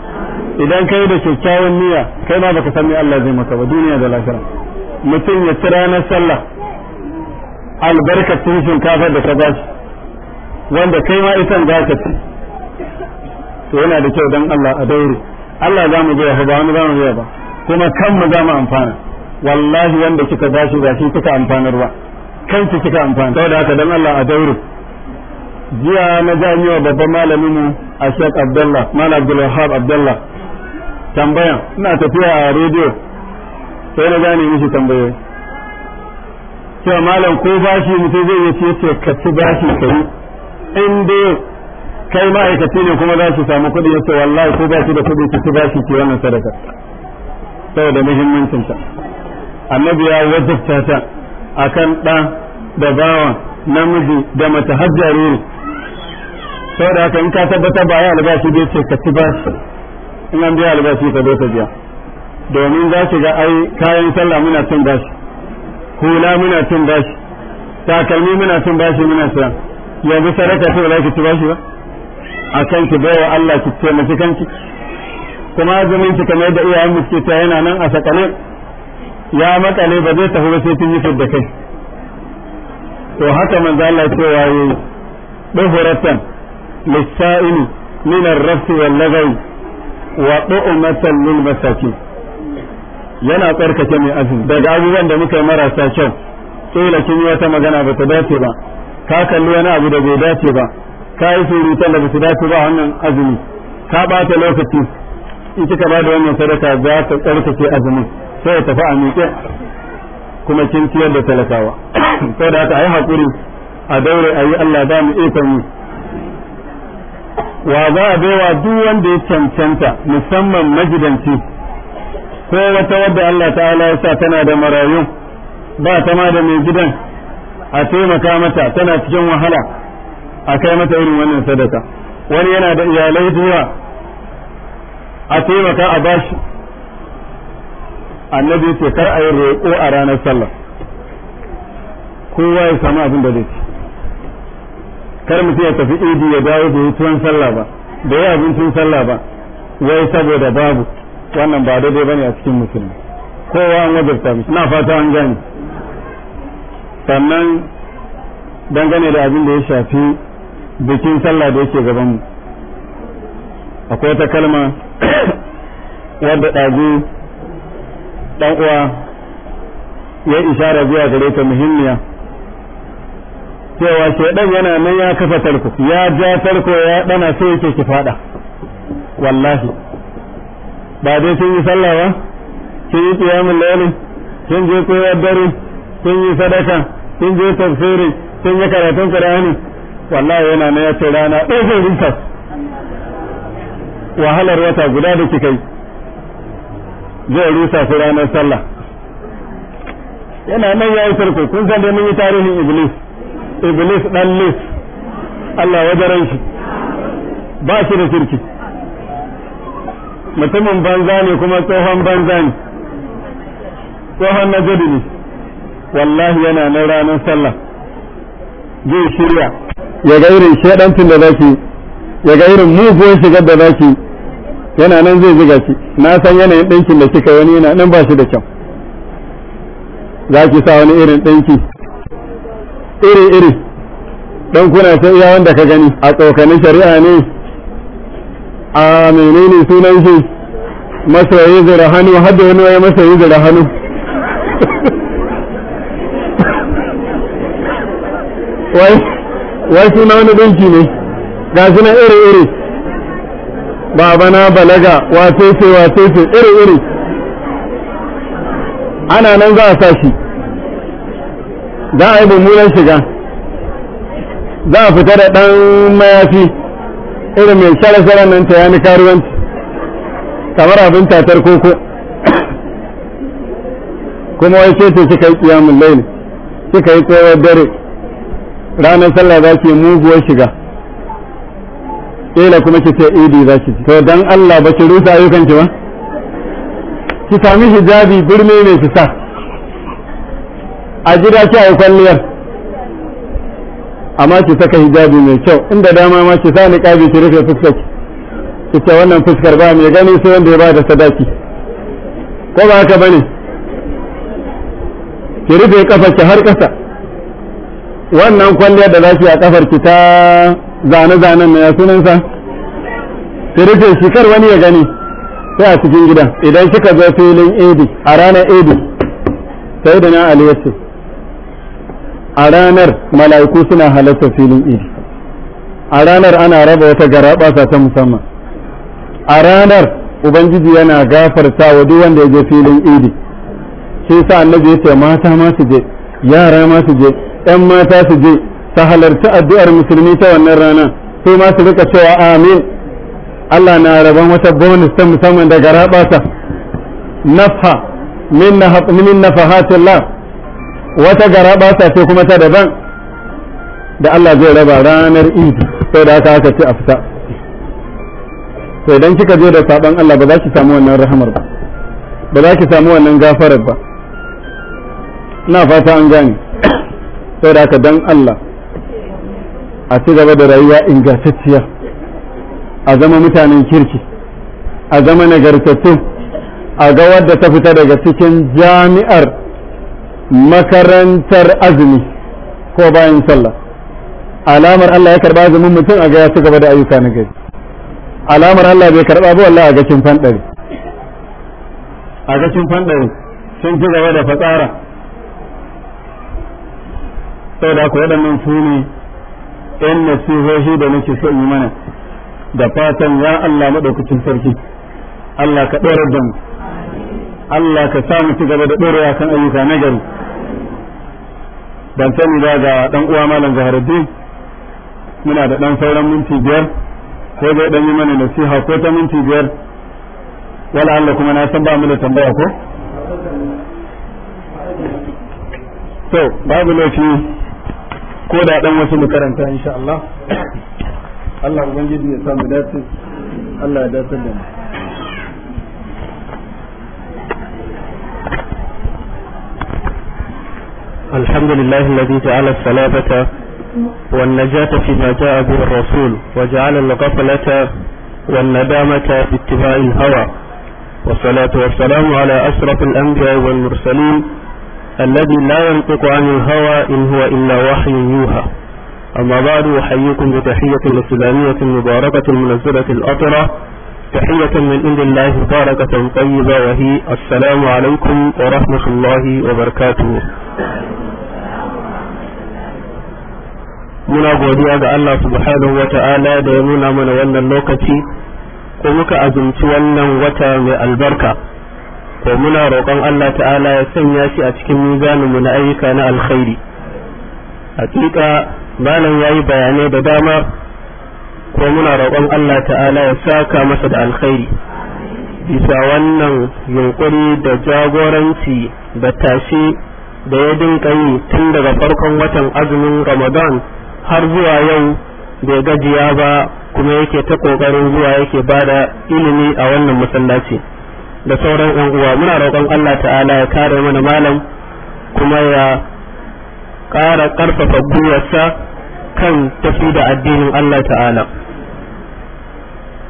idan kai da kyakkyawan niyya kai ma baka san me Allah zai maka ba duniya da lafiya mutum ya tira na sallah albarkatun shinkafa da ka shi wanda kai ma isan za ka ci to yana da kyau dan Allah a daure Allah za mu ga ba wani za mu ba kuma kan mu za mu amfana wallahi wanda kika bashi ba shi kika amfanarwa kanki kika amfani saboda haka dan Allah a dauru jiya na jami'a babban malamin mu a Sheikh Abdullah Malam Abdul Wahab Abdullah tambaya ina tafiya a rediyo sai na gane mishi tambayoyi cewa malam ko bashi mutum zai yi ce ka ci bashi kai in dai kai ma'aikaci ne kuma za su samu kuɗi yace wallahi ko bashi da kuɗi ci bashi ki wannan sadaka saboda muhimmancinta annabi ya wajabta ta akan ɗa da bawa namiji da mace har jariri saboda haka in ka tabbata ba ya albashi bai ce ka ci ba in an biya albashi ka zo ta biya domin za ki ga ai kayan sallah muna cin bashi hula muna cin bashi takalmi muna cin bashi muna siya yanzu sadaka ce ba za ki ci bashi ba a kan ki baiwa Allah ki taimaki kanki kuma azumin ki kamar da iyayen mu suke ta yana nan a sakanin ya makale ba zai tafi ba sai tun yi da kai to haka manzo Allah cewa yi duhuratan lis-sa'il min ar-rafs wal-laghi wa lil masaki yana tsarkake mai azumi daga abubuwan da muka yi marasa kyau kila kin yi wata magana ba ta dace ba ka kalli wani abu da bai dace ba ka yi surutan da ba su dace ba wannan azumi ka ɓata lokaci in kika ba da wannan sadaka za ta tsarkake azumin sai ya tafi a kuma kin ciyar da talakawa sai da aka yi haƙuri a daure a yi Allah ba mu ikon yi wa za a baiwa duk wanda ya cancanta musamman majidanci ko wata wadda Allah ta'ala ya sa tana da marayu ba ta ma da mai gidan a taimaka mata tana cikin wahala a kai mata irin wannan sadaka wani yana da iyalai zuwa a taimaka a bashi annabi ce kar a yi roƙo a ranar sallah kowa ya samu abin da zai ci kar mutum ya tafi idi ya dawo da yi tuwon sallah ba da yi abincin sallah ba wai saboda babu wannan ba daidai bane a cikin musulmi kowa an wajabta musu na fata an gani. sannan dangane da abin da ya shafi bikin sallah da yake gaban mu akwai wata kalma wadda ɗazu dan uwa ya isharar zuwa gare ta muhimmiya cewa dan yana nan ya kafa tarko ya ja tarko ya dana sai yake ki fada wallahi ba dai sun yi sallah ba kin yi qiyamul layl kin je koyar dare kin yi sadaka kin je tafsiri kin yi karatun qur'ani wallahi yana nan ya ce rana ɗaya zai rinta wahalar wata guda da kika yi zai rusa su ranar sallah yana nan ya yi sarko kun san dai mun yi tarihin iblis iblis dan lis Allah ya daren shi ba shi da kirki mutumin banza ne kuma tsohon banza ne tsohon na ne wallahi yana nan ranar sallah zai shirya ya ga irin shaɗancin da zaki ya ga irin shigar da zaki yana nan zai ziga shi na san yanayin ɗinkin da kika wani yana nan ba shi da kyau za ki sa wani irin ɗinki iri-iri don kuna sai iya wanda ka gani a tsokanin shari'a ne a menene sunan shi masoyi zira hannu har wani waye masoyi zira hannu wai suna wani ɗinki ne ga suna iri-iri babana balaga wace ce wace ce iri iri ana nan za a sa shi za a yi mummunan shiga za a fita da ɗan mayafi irin mai shara nan ta yani karuwanci kamar abin tatar koko kuma wai sai ce kika yi kiyamun laili kika yi tsawon dare ranar sallah za ki muguwar shiga kila kuma ki ce idi za ki to dan Allah ba ki rusa ayyukan ki ba ki sami hijabi birni ne ki sa a gida ki ayi kwalliyar amma ki saka hijabi mai kyau inda dama ma ki sa niqabi ki rufe fuskar ki ki ce wannan fuskar ba mai gani sai wanda ya ba da sadaki ko ba haka bane ki rufe kafar ki har kasa wannan kwalliyar da za ki a kafar ki ta zane-zanen na ya sunansa sai rufe shi kar wani ya gani sai a cikin gidan idan suka zo filin edi a ranar idi sai da na ali a ranar mala'iku suna halatta filin idi a ranar ana raba wata garaɓasa ta musamman a ranar ubangiji yana gafarta wa duk wanda ya je filin idi shi sa annabi yace mata ma su je yara ma su je 'yan mata su je ta halarci addu'ar musulmi ta wannan rana sai ma su rika cewa amin Allah na rabon wata bonus ta musamman daga rabata nafha min min nafahatillah wata garabata ce kuma ta daban da Allah zai raba ranar Eid sai da haka aka ce a fita to idan kika je da saban Allah ba za ki samu wannan rahamar ba ba za ki samu wannan gafarar ba ina fata an gane sai da aka dan Allah a ci gaba da rayuwa ingantacciya a zama mutanen kirki a zama nagartattu a ga wadda ta fita daga cikin jami'ar makarantar azumi ko bayan sallah alamar Allah ya karba azumin mutum a ga ya ci gaba da ayyuka na gari alamar Allah bai karba ba wallahi a ga kin fandare a ga kin fandare sun ci gaba da fatsara da ku waɗannan su ne yan nasihohi da nake so yi mana da fatan ya Allah madaukakin sarki Allah ka ɗora da mu Allah ka sa ci gaba da ɗorewa kan ayyuka na gari sani da ga dan uwa malam Zaharuddin muna da dan sauran minti biyar ko zai dan yi mana nasiha ko ta minti biyar wala Allah kuma na san ba mu da tambaya ko to babu lokaci ko da dan wasu mu karanta insha Allah Allah ubangiji ya samu dace Allah ya dace da mu الحمد لله الذي جعل الثلاثة والنجاة فيما جاء به الرسول وجعل الغفلة والندامة باتباع الهوى والصلاة والسلام على أشرف الأنبياء والمرسلين الذي لا ينطق عن الهوى إن هو إلا وحي يوحى أما بعد أحييكم بتحية الإسلامية المباركة المنزلة الأطرة تحية من عند الله باركة طيبة وهي السلام عليكم ورحمة الله وبركاته muna godiya ga Allah subhanahu wa ta'ala da ya nuna mana wannan lokaci ko muka azumci wannan wata mai albarka ko muna roƙon Allah ta'ala ya sanya shi a cikin mizaninmu na ayyuka na alkhairi hakika malam yayi bayanai da dama ko muna roƙon Allah ta'ala ya saka masa da alkhairi bisa wannan yunƙuri da jagoranci da tashi da ya dinka yi tun daga farkon watan azumin ramadan har zuwa yau bai gajiya ba kuma yake ta ƙoƙarin zuwa yake bada ilimi a wannan masallaci da sauran yan uwa muna roƙon Allah ta'ala ya kare mana malam kuma ya ƙara karfafa gwiwarsa kan tafi da addinin Allah ta'ala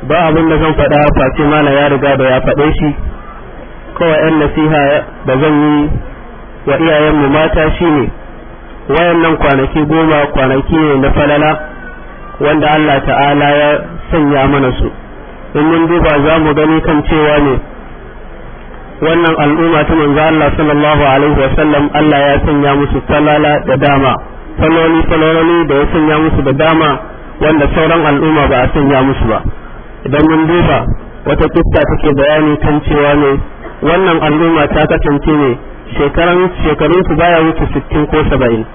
ba abin da zan faɗa face malam ya riga da ya faɗe shi kawai yan nasiha da zan yi wa iyayenmu mata shine wayannan kwanaki goma kwanaki ne na falala wanda Allah ta'ala ya sanya mana su in mun duba za mu gani kan cewa ne wannan al'umma ta manzo Allah sallallahu alaihi wa sallam Allah ya sanya musu salala da dama saloli saloli da ya sanya musu da dama wanda sauran al'umma ba a sanya musu ba idan mun duba wata kitta take bayani kan cewa ne wannan al'umma ta kasance ne shekaran shekarun su baya wuce 60 ko 70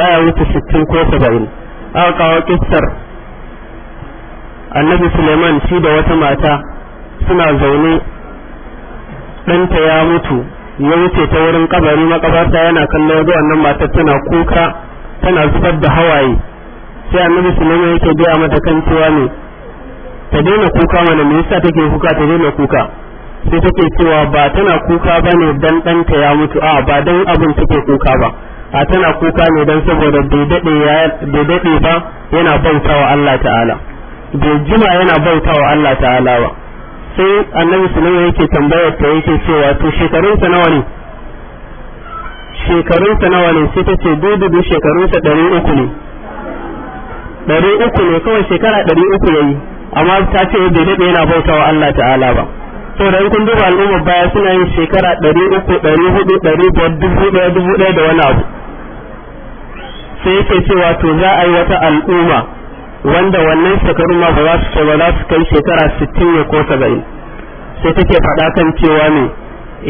baya wuce 60 ko 70 aka kawo kissar annabi Suleiman shi da wata mata suna zaune ɗanta ya mutu ya wuce ta wurin kabari makabarta yana kallon wajen wannan matar tana kuka tana zubar da hawaye sai annabi sulaiman yake gaya mata kan cewa ne ta daina kuka mana me yasa take kuka ta daina kuka sai take cewa ba tana kuka bane dan ɗanta ya mutu a ba dan abin take kuka ba a tana kuka ne dan saboda bai daɗe ba yana bautawa Allah ta'ala bai jima yana bautawa Allah ta'ala ba sai annabi sulaiman yake tambayar ta yake cewa to shekarun sa nawa ne shekarun sa nawa ne sai ta ce dudu shekarun sa ɗari uku ne ɗari uku ne kawai shekara ɗari uku yayi amma ta ce bai da yana bauta wa Allah ta'ala ba to in kun duba al'umma baya suna yin shekara ɗari uku ɗari hudu ɗari biyar dubu ɗaya dubu da wani abu sai yake cewa to za a yi wata al'umma wanda wannan shekaru ma ba za su ce ba za su kai shekara sittin ne ko saba'in sai take faɗa kan cewa ne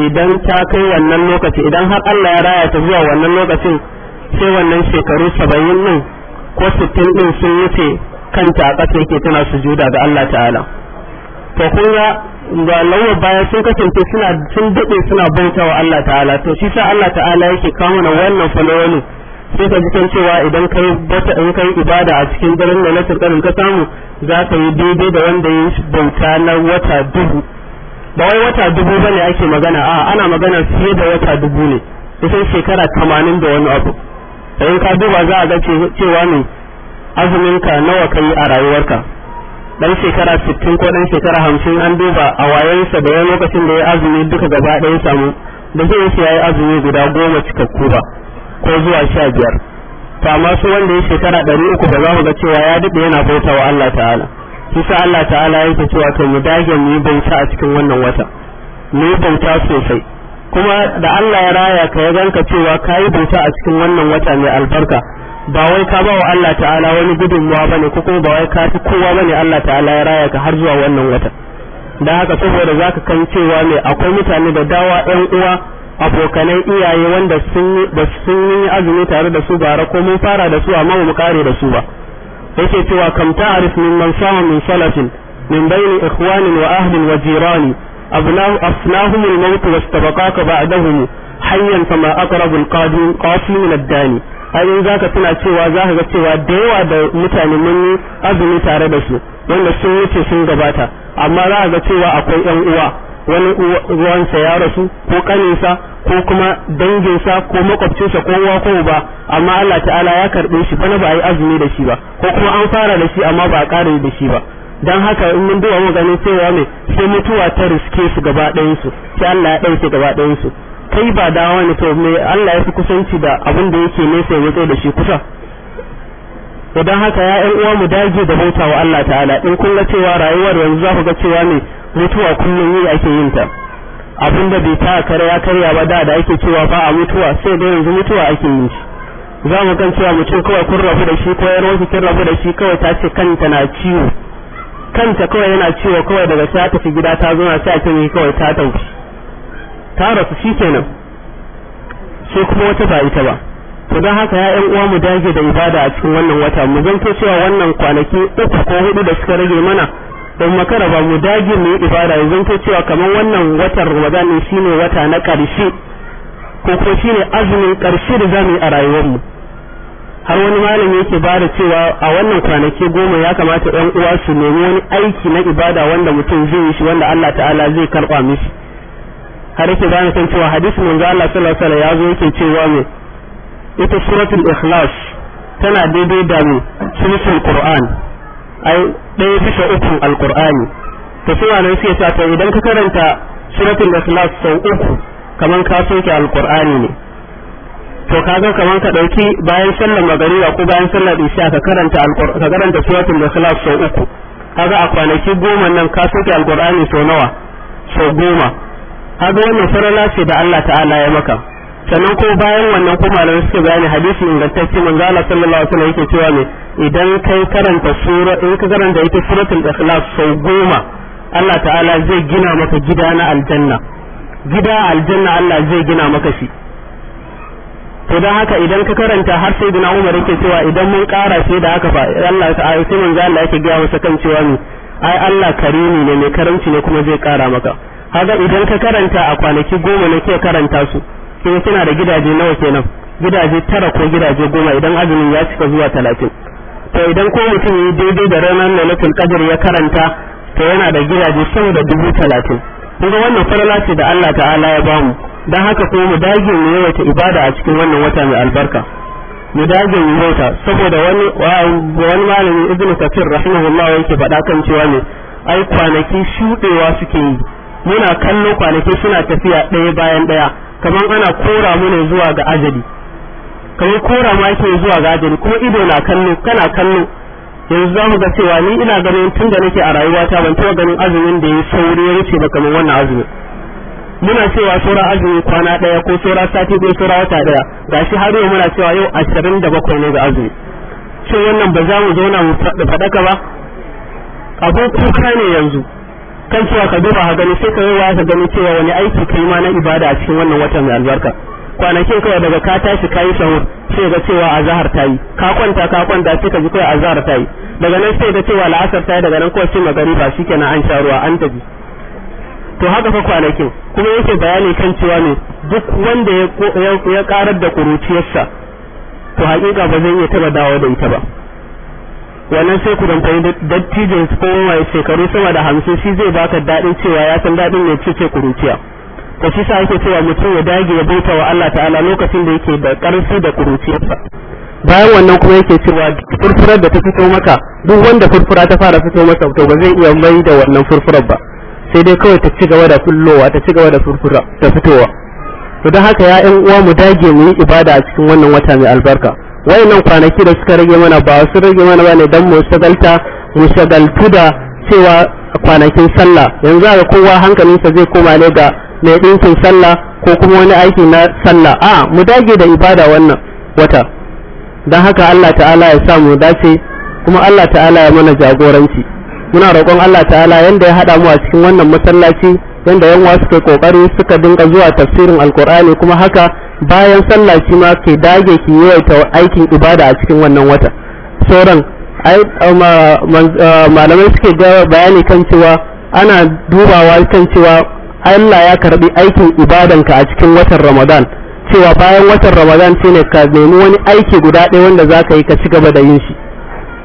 idan ta kai wannan lokaci idan har Allah ya raya ta zuwa wannan lokacin sai wannan shekaru saba'in ɗin ko sittin ɗin sun wuce kanta a ƙasa yake tana juda ga Allah ta'ala to kun ga ga baya sun kasance suna sun daɗe suna bauta wa Allah ta'ala to shi sa Allah ta'ala yake kawo wannan wani sai ka ji kan cewa idan kai bata in kai ibada a cikin garin da na turkarin ka samu za ka yi daidai da wanda ya bauta na wata dubu ba wai wata dubu bane ake magana a ana magana fiye da wata dubu ne kusan shekara tamanin da wani abu in ka duba za a ga cewa ne azumin ka nawa kai a rayuwarka dan shekara sittin ko dan shekara hamsin an duba a wayansa da wani lokacin da ya azumi duka gaba ɗaya samu da zai yi azumi guda goma cikakku ba ko zuwa sha biyar to amma su wanda ya shekara ɗari uku ba za mu ga cewa ya daɗe yana bauta wa Allah ta'ala kisa Allah ta'ala ya yake cewa to mu dage mu yi bauta a cikin wannan wata mu yi bauta sosai kuma da Allah ya raya ka ya ganka cewa ka yi bauta a cikin wannan wata mai albarka ba wai ka ba wa Allah ta'ala wani gudunmuwa ne ko kuma ba wai ka fi kowa ne Allah ta'ala ya raya ka har zuwa wannan wata da haka saboda ka kan cewa ne akwai mutane da dawa ƴan uwa Abokanai iyaye wanda sun yi azumi tare da su bara ko mun fara da su amma mu kare da su ba yake cewa kam ta'arif min man sama min salafin min bayni ikhwanin wa ahlin wa jirani asnahum al-maut wastabaqaka ba'dahum hayyan fama aqrabu al-qadim qasim min ad-dani ai zaka tuna cewa zaka ga cewa da yawa da mutane mun yi azumi tare da su wanda sun wuce sun gabata amma za ga cewa akwai yan uwa wani ruwansa ya rasu ko kaninsa ko kuma danginsa ko makwabcinsa ko uwa ko ba amma Allah ta'ala ya karbe shi bana ba a yi azumi da shi ba ko kuma an fara da shi amma ba a ƙara da shi ba dan haka in mun duba mun ganin cewa me sai mutuwa ta riske su gaba ɗayan su sai Allah ya ɗauke gaba ɗayan su kai ba da ne to me Allah ya fi kusanci da abin da yake nesa ya zo da shi kusa Idan haka ya ƴan uwa mu dage da bautawa Allah ta'ala in kun ga cewa rayuwar yanzu za ku ga cewa ne mutuwa kullum yi ake yin ta abinda bai ta ya karya ba da da ake cewa ba a mutuwa sai da yanzu mutuwa ake yin shi za mu kan cewa mutum kawai kun rabu da shi ko ya wasu kin rabu da shi kawai ta ce kanta na ciwo kanta kawai yana ciwo kawai daga ta tafi gida ta zo na sai a yi kawai ta tauki ta rasu shi kenan sai kuma wata ba ita ba to don haka ya ƴan uwa mu dage da ibada a cikin wannan wata mu zanto cewa wannan kwanaki uku ko hudu da suka rage mana don makara ba mu dage mu ibada ya ko cewa kamar wannan watan ramadan ne shine wata na karshe ko ko shine azumin karshe da zamu yi a mu. har wani malami yake bada cewa a wannan kwanaki goma ya kamata ɗan uwa su nemi wani aiki na ibada wanda mutum zai yi shi wanda Allah ta'ala zai karɓa mishi har yake bani kan cewa hadisi ga Allah sallallahu alaihi wasallam ya zo yake cewa me ita suratul ikhlas tana daidai da mu sunan qur'an ai ɗaya bisa uku alkur'ani to sai nan suke ta to idan ka karanta suratul ikhlas sau uku kaman ka soke alqur'ani ne to kaga kaman ka ɗauki bayan sallar magariba ko bayan sallar isha ka karanta alqur'ani ka karanta suratul ikhlas sau uku kaga a kwanaki goma nan ka soke alqur'ani sau nawa sau goma kaga wannan farala ce da Allah ta'ala ya maka sannan ko bayan wannan ko malamai suke bayani hadisi ingantacce manzo Allah sallallahu alaihi wasallam yake cewa ne idan kai karanta sura in ka karanta ita suratul ikhlas sau goma Allah ta'ala zai gina maka gida na aljanna gida aljanna Allah zai gina maka shi to dan haka idan ka karanta har sai dina Umar yake cewa idan mun kara sai da haka fa Allah ta'ala sai manzo Allah yake gaya masa kan cewa ne ai Allah karimi ne mai karamci ne kuma zai kara maka haka idan ka karanta a kwanaki goma ne ke karanta su sai suna da gidaje nawa kenan gidaje tara ko gidaje goma idan azumin ya cika zuwa talatin to idan ko mutum ya daidai da ranar lailatul qadr ya karanta to yana da gidaje sau da dubu talatin kuma wannan farala ce da Allah ta'ala ya bamu dan haka ko mu dage mu yawaita ibada a cikin wannan wata mai albarka mu dage mu yawaita saboda wani wani malami ibnu kafir rahimahullah yake faɗa kan cewa ne ai kwanaki shudewa suke yi muna kallo kwanaki suna tafiya ɗaya bayan ɗaya kamar ana kora mu ne zuwa ga ajali kamar kora ma yake zuwa ga ajali kuma ido na kallo kana kallo yanzu za mu ga cewa ni ina ganin tun da nake a rayuwata ban taɓa ganin azumin da ya sauri ya wuce ba kamar wannan azumin muna cewa saura azumi kwana ɗaya ko saura sati ko saura wata ɗaya gashi har yau muna cewa yau ashirin da bakwai ne ga azumi shin wannan ba za mu zauna mu faɗaka ba abin kuka ne yanzu kan cewa ka duba ka gani sai ka yi gani cewa wani aiki kai ma na ibada a cikin wannan watan da albarka kwanakin kawai daga ka tashi ka yi sahur sai ga cewa azhar ta yi ka kwanta ka kwanta sai ka ji kawai azhar ta yi daga nan sai ga cewa la'asar ta yi daga nan kawai ba shi kenan an sha ruwa an tafi to haka fa kwanakin kuma yake bayani kan cewa ne duk wanda ya karar da kuruciyarsa to hakika ba zai iya taba dawo da ita ba wannan sai ku zamfani dattijin ko waye shekaru sama da hamsin shi zai baka daɗin cewa ya san daɗin ya cece kuruciya ko shi sa ake cewa mutum ya dage ya bauta wa Allah ta'ala lokacin da yake da ƙarfi da kuruciyarsa bayan wannan kuma yake cewa furfurar da ta fito maka duk wanda furfura ta fara fito masa to ba zai iya mai da wannan furfurar ba sai dai kawai ta ci gaba da fullowa ta ci gaba da furfura ta fitowa to don haka ya yan uwa mu dage mu yi ibada a cikin wannan wata mai albarka wayannan kwanaki da suka rage mana ba su rage mana ba ne don mu shagalta mu shagaltu da cewa kwanakin sallah yanzu ga kowa hankalinsa zai koma ne ga mai ɗinkin sallah ko kuma wani aiki na sallah a mu dage da ibada wannan wata don haka Allah ta'ala ya sa mu dace kuma Allah ta'ala ya mana jagoranci muna roƙon Allah ta'ala yanda ya haɗa mu a cikin wannan masallaci yanda yanwa suka yi ƙoƙari suka dinga zuwa tafsirin alkur'ani kuma haka bayan sallah shi ma ke dage ki yawaita aikin ibada a cikin wannan wata sauran malamai suke ga bayani kan cewa ana dubawa kan cewa Allah ya karbi aikin ibadanka a cikin watan Ramadan cewa bayan watan Ramadan shine ka nemi wani aiki guda ɗaya wanda za ka yi ka ci gaba da yin shi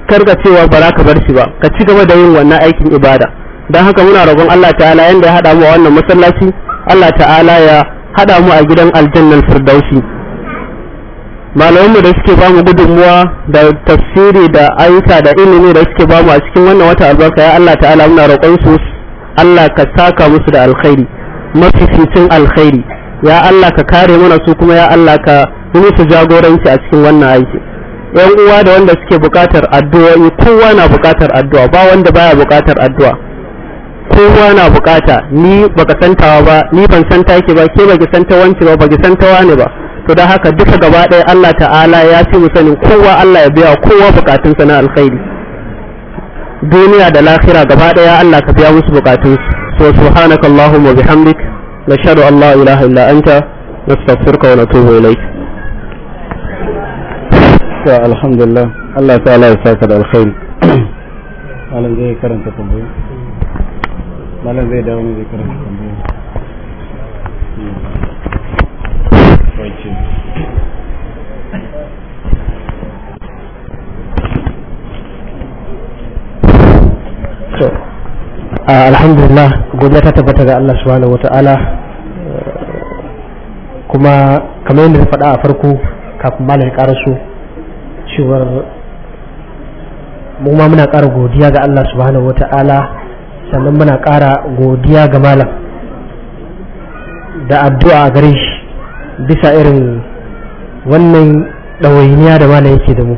kar ka cewa ba za ka bar shi ba ka ci gaba da yin wannan aikin ibada don haka muna roƙon Allah ta'ala yanda ya haɗa mu wannan masallaci Allah ta'ala ya haɗa mu a gidan aljannan firdausi malamanmu da suke bamu gudunmuwa da tafsiri da ayyuka da ilimi da suke mu a cikin wannan wata albarka ya Allah ta'ala muna roƙon su Allah ka saka musu da alkhairi mafificin alkhairi ya Allah ka kare mana su kuma ya Allah ka yi musu jagoranci a cikin wannan aiki yan uwa da wanda suke buƙatar addu'a kowa na buƙatar addu'a ba wanda baya buƙatar addu'a kowa na bukata ni baka santawa ba ni ban san take ba ke baki san ta wance ba baki san ta wani ba to da haka duka gaba ɗaya Allah ta'ala ya fi mu sanin kowa Allah ya biya kowa sa na alkhairi duniya da lahira gaba ɗaya Allah ka biya musu bukatunsu so subhanakallahumma bihamdik nashhadu an la ilaha illa anta nastaghfiruka wa natubu ilayk to alhamdulillah Allah ta'ala ya saka da alkhairi malam zai karanta tambayoyi malam zai dawo zai alhamdulillah gobe ta tabbata ga Allah subhanahu wata'ala kuma kamar yadda na faɗa a farko kafin malam ya so cewar mu ma muna ƙara godiya ga Allah subhanahu wata'ala sannan muna ƙara godiya ga malam da addu'a a gare shi bisa irin wannan ɗawainiya da malam yake da mu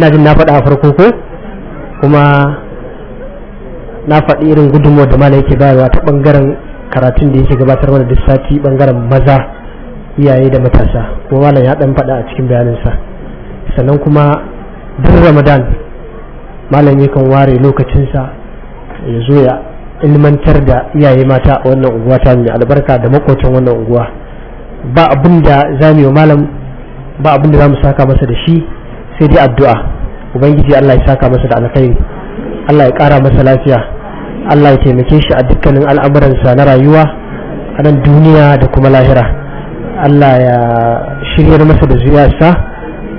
ina jin na faɗa a farko ko kuma na faɗi irin gudunmuwar da malam yake bayarwa ta ɓangaren karatun da yake gabatar mana duk sati ɓangaren maza iyaye da matasa kuma malam ya ɗan faɗa a cikin bayaninsa sannan kuma duk ramadan malam yakan ware lokacinsa ya zo ya ilmantar da iyaye mata a wannan unguwa ta mai albarka da makotan wannan unguwa ba abin da za mu yi malam ba abin da za mu saka masa da shi sai dai addu'a ubangiji Allah ya saka masa da alkhairi Allah ya kara masa lafiya Allah ya taimake shi a dukkanin al'amuransa na rayuwa a nan duniya da kuma lahira Allah ya shiryar masa da zuriyarsa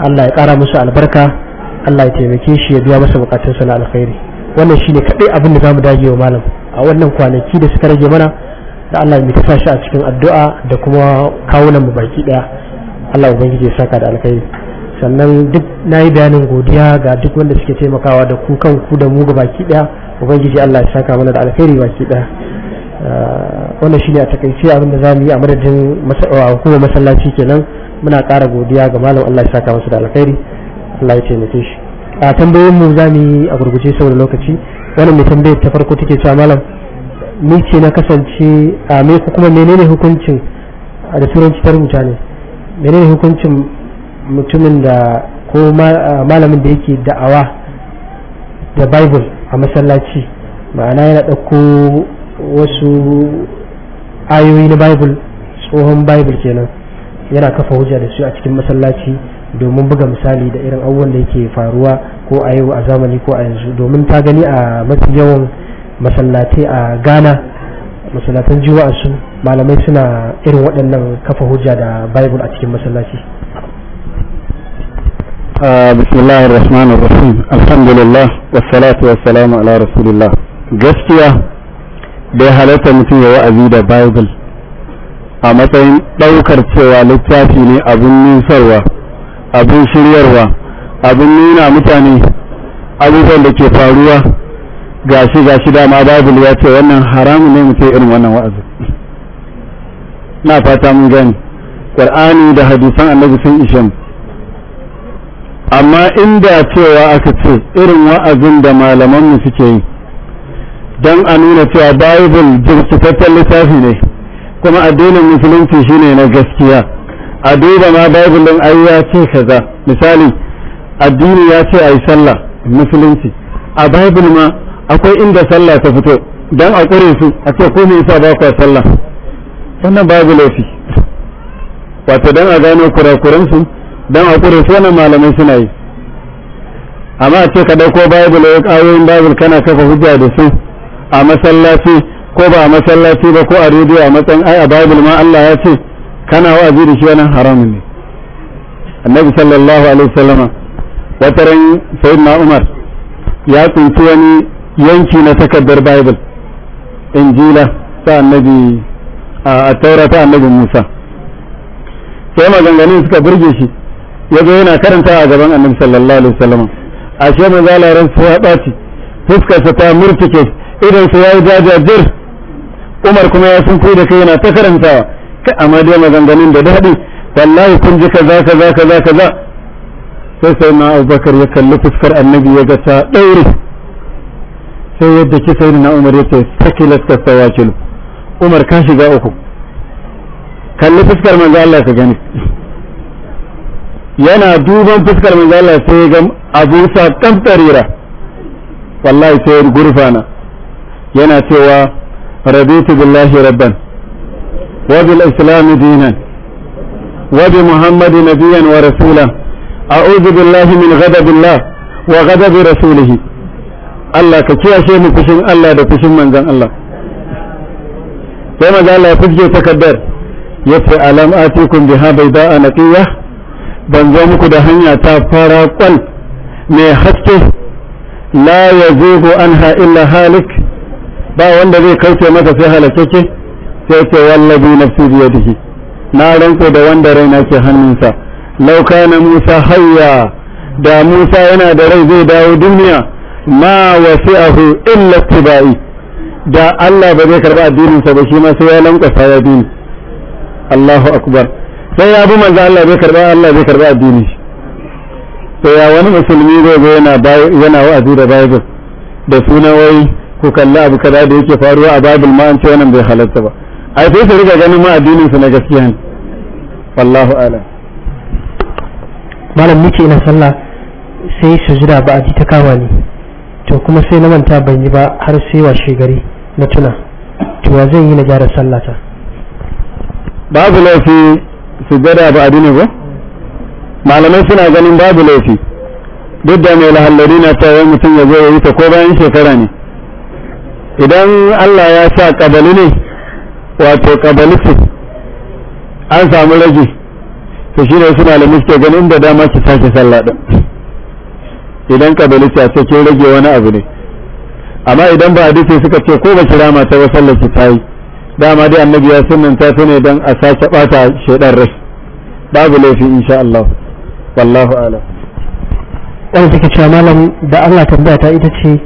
Allah ya kara masa albarka Allah ya taimake shi ya biya masa bukatunsa na alkhairi wannan shine kadai abin da zamu dage wa malam a wannan kwanaki da suka rage mana da Allah mai tafi shi a cikin addu'a da kuma kawunan mu baki daya Allah ubangiji ya saka da alkhairi sannan duk nayi bayanin godiya ga duk wanda suke taimakawa da ku kanku da mu ga baki daya ubangiji Allah ya saka mana da alkhairi baki daya ah, wannan shine a takaice abin da zamu yi a madadin hukumar masallaci kenan muna ƙara godiya ga malam Allah ya saka masa da alkhairi Allah ya taimake shi a tambayoyin mu za mu yi a gurguje saboda lokaci wannan mai tambayar ta farko take cewa malam ni ce na kasance a me kuma menene hukuncin da turanci ta mutane menene hukuncin mutumin da ko malamin da yake da'awa da bible a masallaci ma'ana yana ɗauko wasu ayoyi na bible tsohon bible kenan yana kafa hujja da su a cikin masallaci domin buga misali da irin abubuwan da yake faruwa ko a yau a zamani ko a yanzu domin ta gani a mafi yawan masallatai a ghana masallatan jiwa su malamai suna irin waɗannan kafa hujja da bible a cikin masallaci ah, bismillahir rahim alhamdulillah wassalatu wassalamu rasulillah gaskiya bai halatta mutum ya wa'azi da bible a matsayin ɗaukar cewa littafi ne abin nisarwa abin shiryarwa abin nuna mutane abubuwan da ke faruwa gashi gashi dama babul ya ce wannan haramun ne mutum irin wannan wa'azi na fata mun gani qur'ani da hadisan annabi sun ishe mu amma inda cewa aka ce irin wa'azin da malamanmu suke yi don a nuna cewa bible jirkitaccen littafi ne kuma addinin musulunci shine na gaskiya a duba ma bible ai ya ce kaza misali addini ya ce ayi sallah musulunci a bible ma akwai inda sallah ta fito dan a kure su a ce ko me yasa ba ku sallah wannan babu laifi wato dan a gano kurakuran su dan a kure su wannan malamai suna yi amma a ce ka dauko bible ya ayoyin bible kana kafa hujja da su a masallaci ko ba a masallaci ba ko a rediyo a matsayin ai a bible ma Allah ya ce kana wa'azi da shi wannan haramun ne annabi sallallahu alaihi wasallama wata ran sayyidina umar ya tsinci wani yanki na takardar bible injila ta annabi a taura ta annabi musa sai maganganun suka burge shi ya zo yana karanta a gaban annabi sallallahu alaihi wasallama ya ɓaci fuskarsa ta murtuke idan su ya yi jajajir umar kuma ya sun da kai yana ta karantawa kai amma dai maganganun da daɗi wallahi kun ji kaza kaza kaza kaza sai sai na abubakar ya kalli fuskar annabi ya ga ta ɗaure sai yadda ki sai na umar ya ce sakilat ka sawakilu umar ka shiga uku kalli fuskar manzo Allah ka gani yana duban fuskar manzo Allah sai ga Abu Sa kan tarira wallahi sai gurfana yana cewa raditu billahi rabban وبالإسلام wabi muhammad نبيا ورسولا أعوذ بالله من غضب الله وغضب رسوله Allah ka kiyashe mu fushin Allah da fushin manzan Allah sai maza Allah ya fuske takaddar ya ce alam atikum biha bayda anaqiya ban zo muku da hanya ta fara kwal mai haske la yazuhu anha illa halik ba wanda zai kauce mata sai halakeke sai ce wallabi da shi na ranko da wanda rai na ke hannunsa lauka na musa hayya da musa yana da rai zai dawo duniya ma ahu illa tibai da Allah ba zai karba addinin sa ba shi ma sai ya lankwasa ya dini Allahu akbar sai ya bi manzo Allah zai karba Allah zai karba addini sai ya wani musulmi zai yana yana wa'azi da Bible da suna wai ku kalla abu kaza da yake faruwa a babul ma ce wannan bai halarta ba ai sai su riga ganin ma addinin su na gaskiya ne wallahu alam malam nake ina sallah sai su jira ba a ji ta kama ni to kuma sai na manta ban yi ba har sai washe gari na tuna to wa zan yi na gyara sallata babu laifi jira ba addini ba malamai suna ganin babu laifi duk da mai lahallari na ta mutum ya zo ya yi ta ko bayan shekara ne idan Allah ya sa kabali ne wato kabalistik an samu rage to shi ne suna malamai suke ganin da dama su sake sallah din idan kabalitin a cikin rage wani abu ne amma idan ba hadisi suka ce ko ba kira mata ba sallar ki tayi dama dai annabi ya sunan ta ne don a sake bata shaidan rai babu laifi insha Allah wallahu ala. dan suke cewa malam da Allah tambaya ta ita ce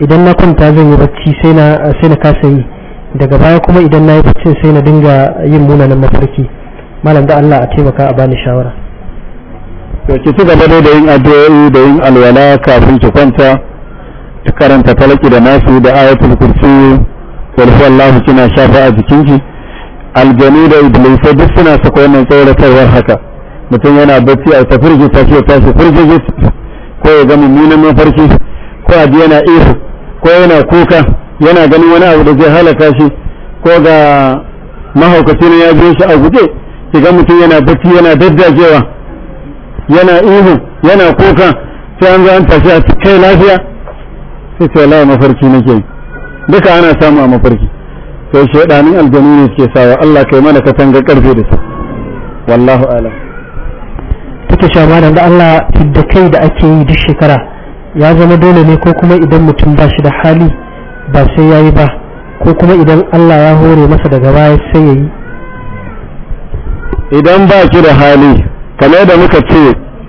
idan na kwanta zan yi bacci sai na sai na kasa yi daga baya kuma idan na yi fice sai na dinga yin munanan mafarki malam da Allah a taimaka a bani shawara to ki ci gaba da yin addu'o'i da yin alwala kafin ki kwanta ki karanta talaki da nasu da ayatul kursi wal huwallahu kina shafa a jikinki aljanu da iblis duk suna sako wannan tsoratarwar haka mutum yana bacci a ta firgita ta ya tashi ko ya ga mummunan mafarki ko a yana ihu ko yana kuka yana ganin wani abu da zai halaka shi ko ga mahaukaci ne ya biyo shi a guje shiga mutum yana bacci yana daddajewa yana ihu yana kuka sai an zo an tashi a kai lafiya sai ce wallahi mafarki nake duka ana samu a mafarki sai shaidanin aljanu ne suke sawa Allah kai mana katanga karfe da su wallahu alam take shamanan da Allah da kai da ake yi duk shekara ya zama dole ne ko kuma idan mutum ba shi da hali ba sai ya yi ba ko kuma idan Allah ya hore masa daga baya sai ya yi idan ba ki da hali kamar da muka ce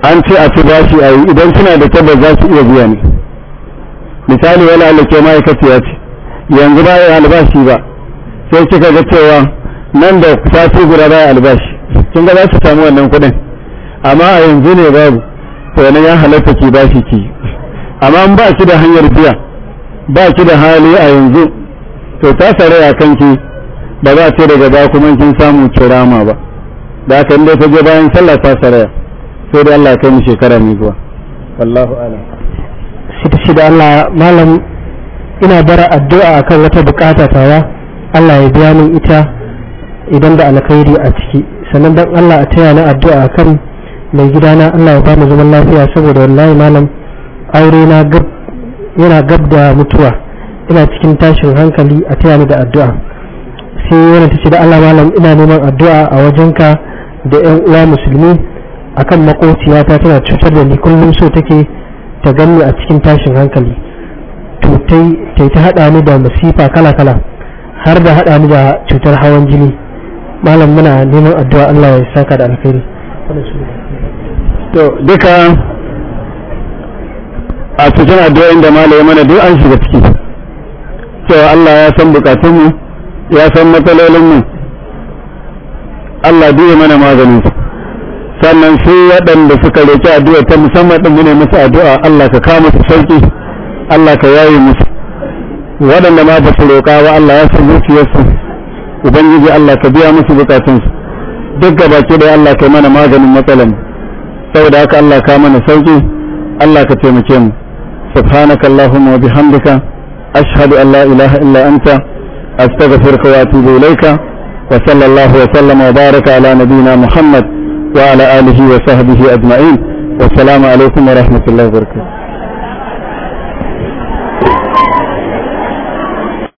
an ce a ci bashi a yi idan suna da kyau za su iya biya ne misali wani alake ma'aikaciya ce yanzu ba ya albashi ba sai kika ga cewa nan da sati guda ba ya albashi kin ga za su samu wannan kuɗin amma a yanzu ne babu to ya halatta ki bashi ki amma an ba shi da hanyar biya ba ki da hali a yanzu to ta sare a kanki ba za ce daga ba kuma kin samu kirama ba da aka inda ta je bayan sallah ta sare sai da Allah kai mu shekara mai zuwa wallahu alam shida shida Allah malam ina bara addu'a akan wata bukata tawa Allah ya biya min ita idan da alkhairi a ciki sannan dan Allah a taya ni addu'a akan mai gidana Allah ya ba mu zaman lafiya saboda wallahi malam aure na gab yana gab da mutuwa ina cikin tashin hankali a taya ni da addu'a sai wani ta ce da Allah malam ina neman addu'a a wajenka da yan uwa musulmi akan makociya ta tana cutar da ni kullum so take ta ganni a cikin tashin hankali to tai ta haɗa ni da masifa kala kala har da hada ni da cutar hawan jini malam muna neman addu'a Allah ya saka da alkhairi to duka a cikin addu'o'in da malaye mana duk an shiga ciki cewa Allah ya san bukatunmu ya san matsalolinmu Allah duk ya mana maganin sannan su waɗanda suka roƙi addu'a ta musamman ɗin ne musu addu'a Allah ka kama su sauƙi Allah ka yaye musu waɗanda ma ba su roƙa ba Allah ya san zuciyarsu ubangiji Allah ka biya musu bukatunsu duk ke da Allah ka mana maganin matsalan saboda haka Allah ka mana sauƙi Allah ka taimake mu سبحانك اللهم وبحمدك أشهد أن لا إله إلا أنت أستغفرك وأتوب إليك وصلى الله وسلم وبارك على نبينا محمد وعلى آله وصحبه أجمعين والسلام عليكم ورحمة الله وبركاته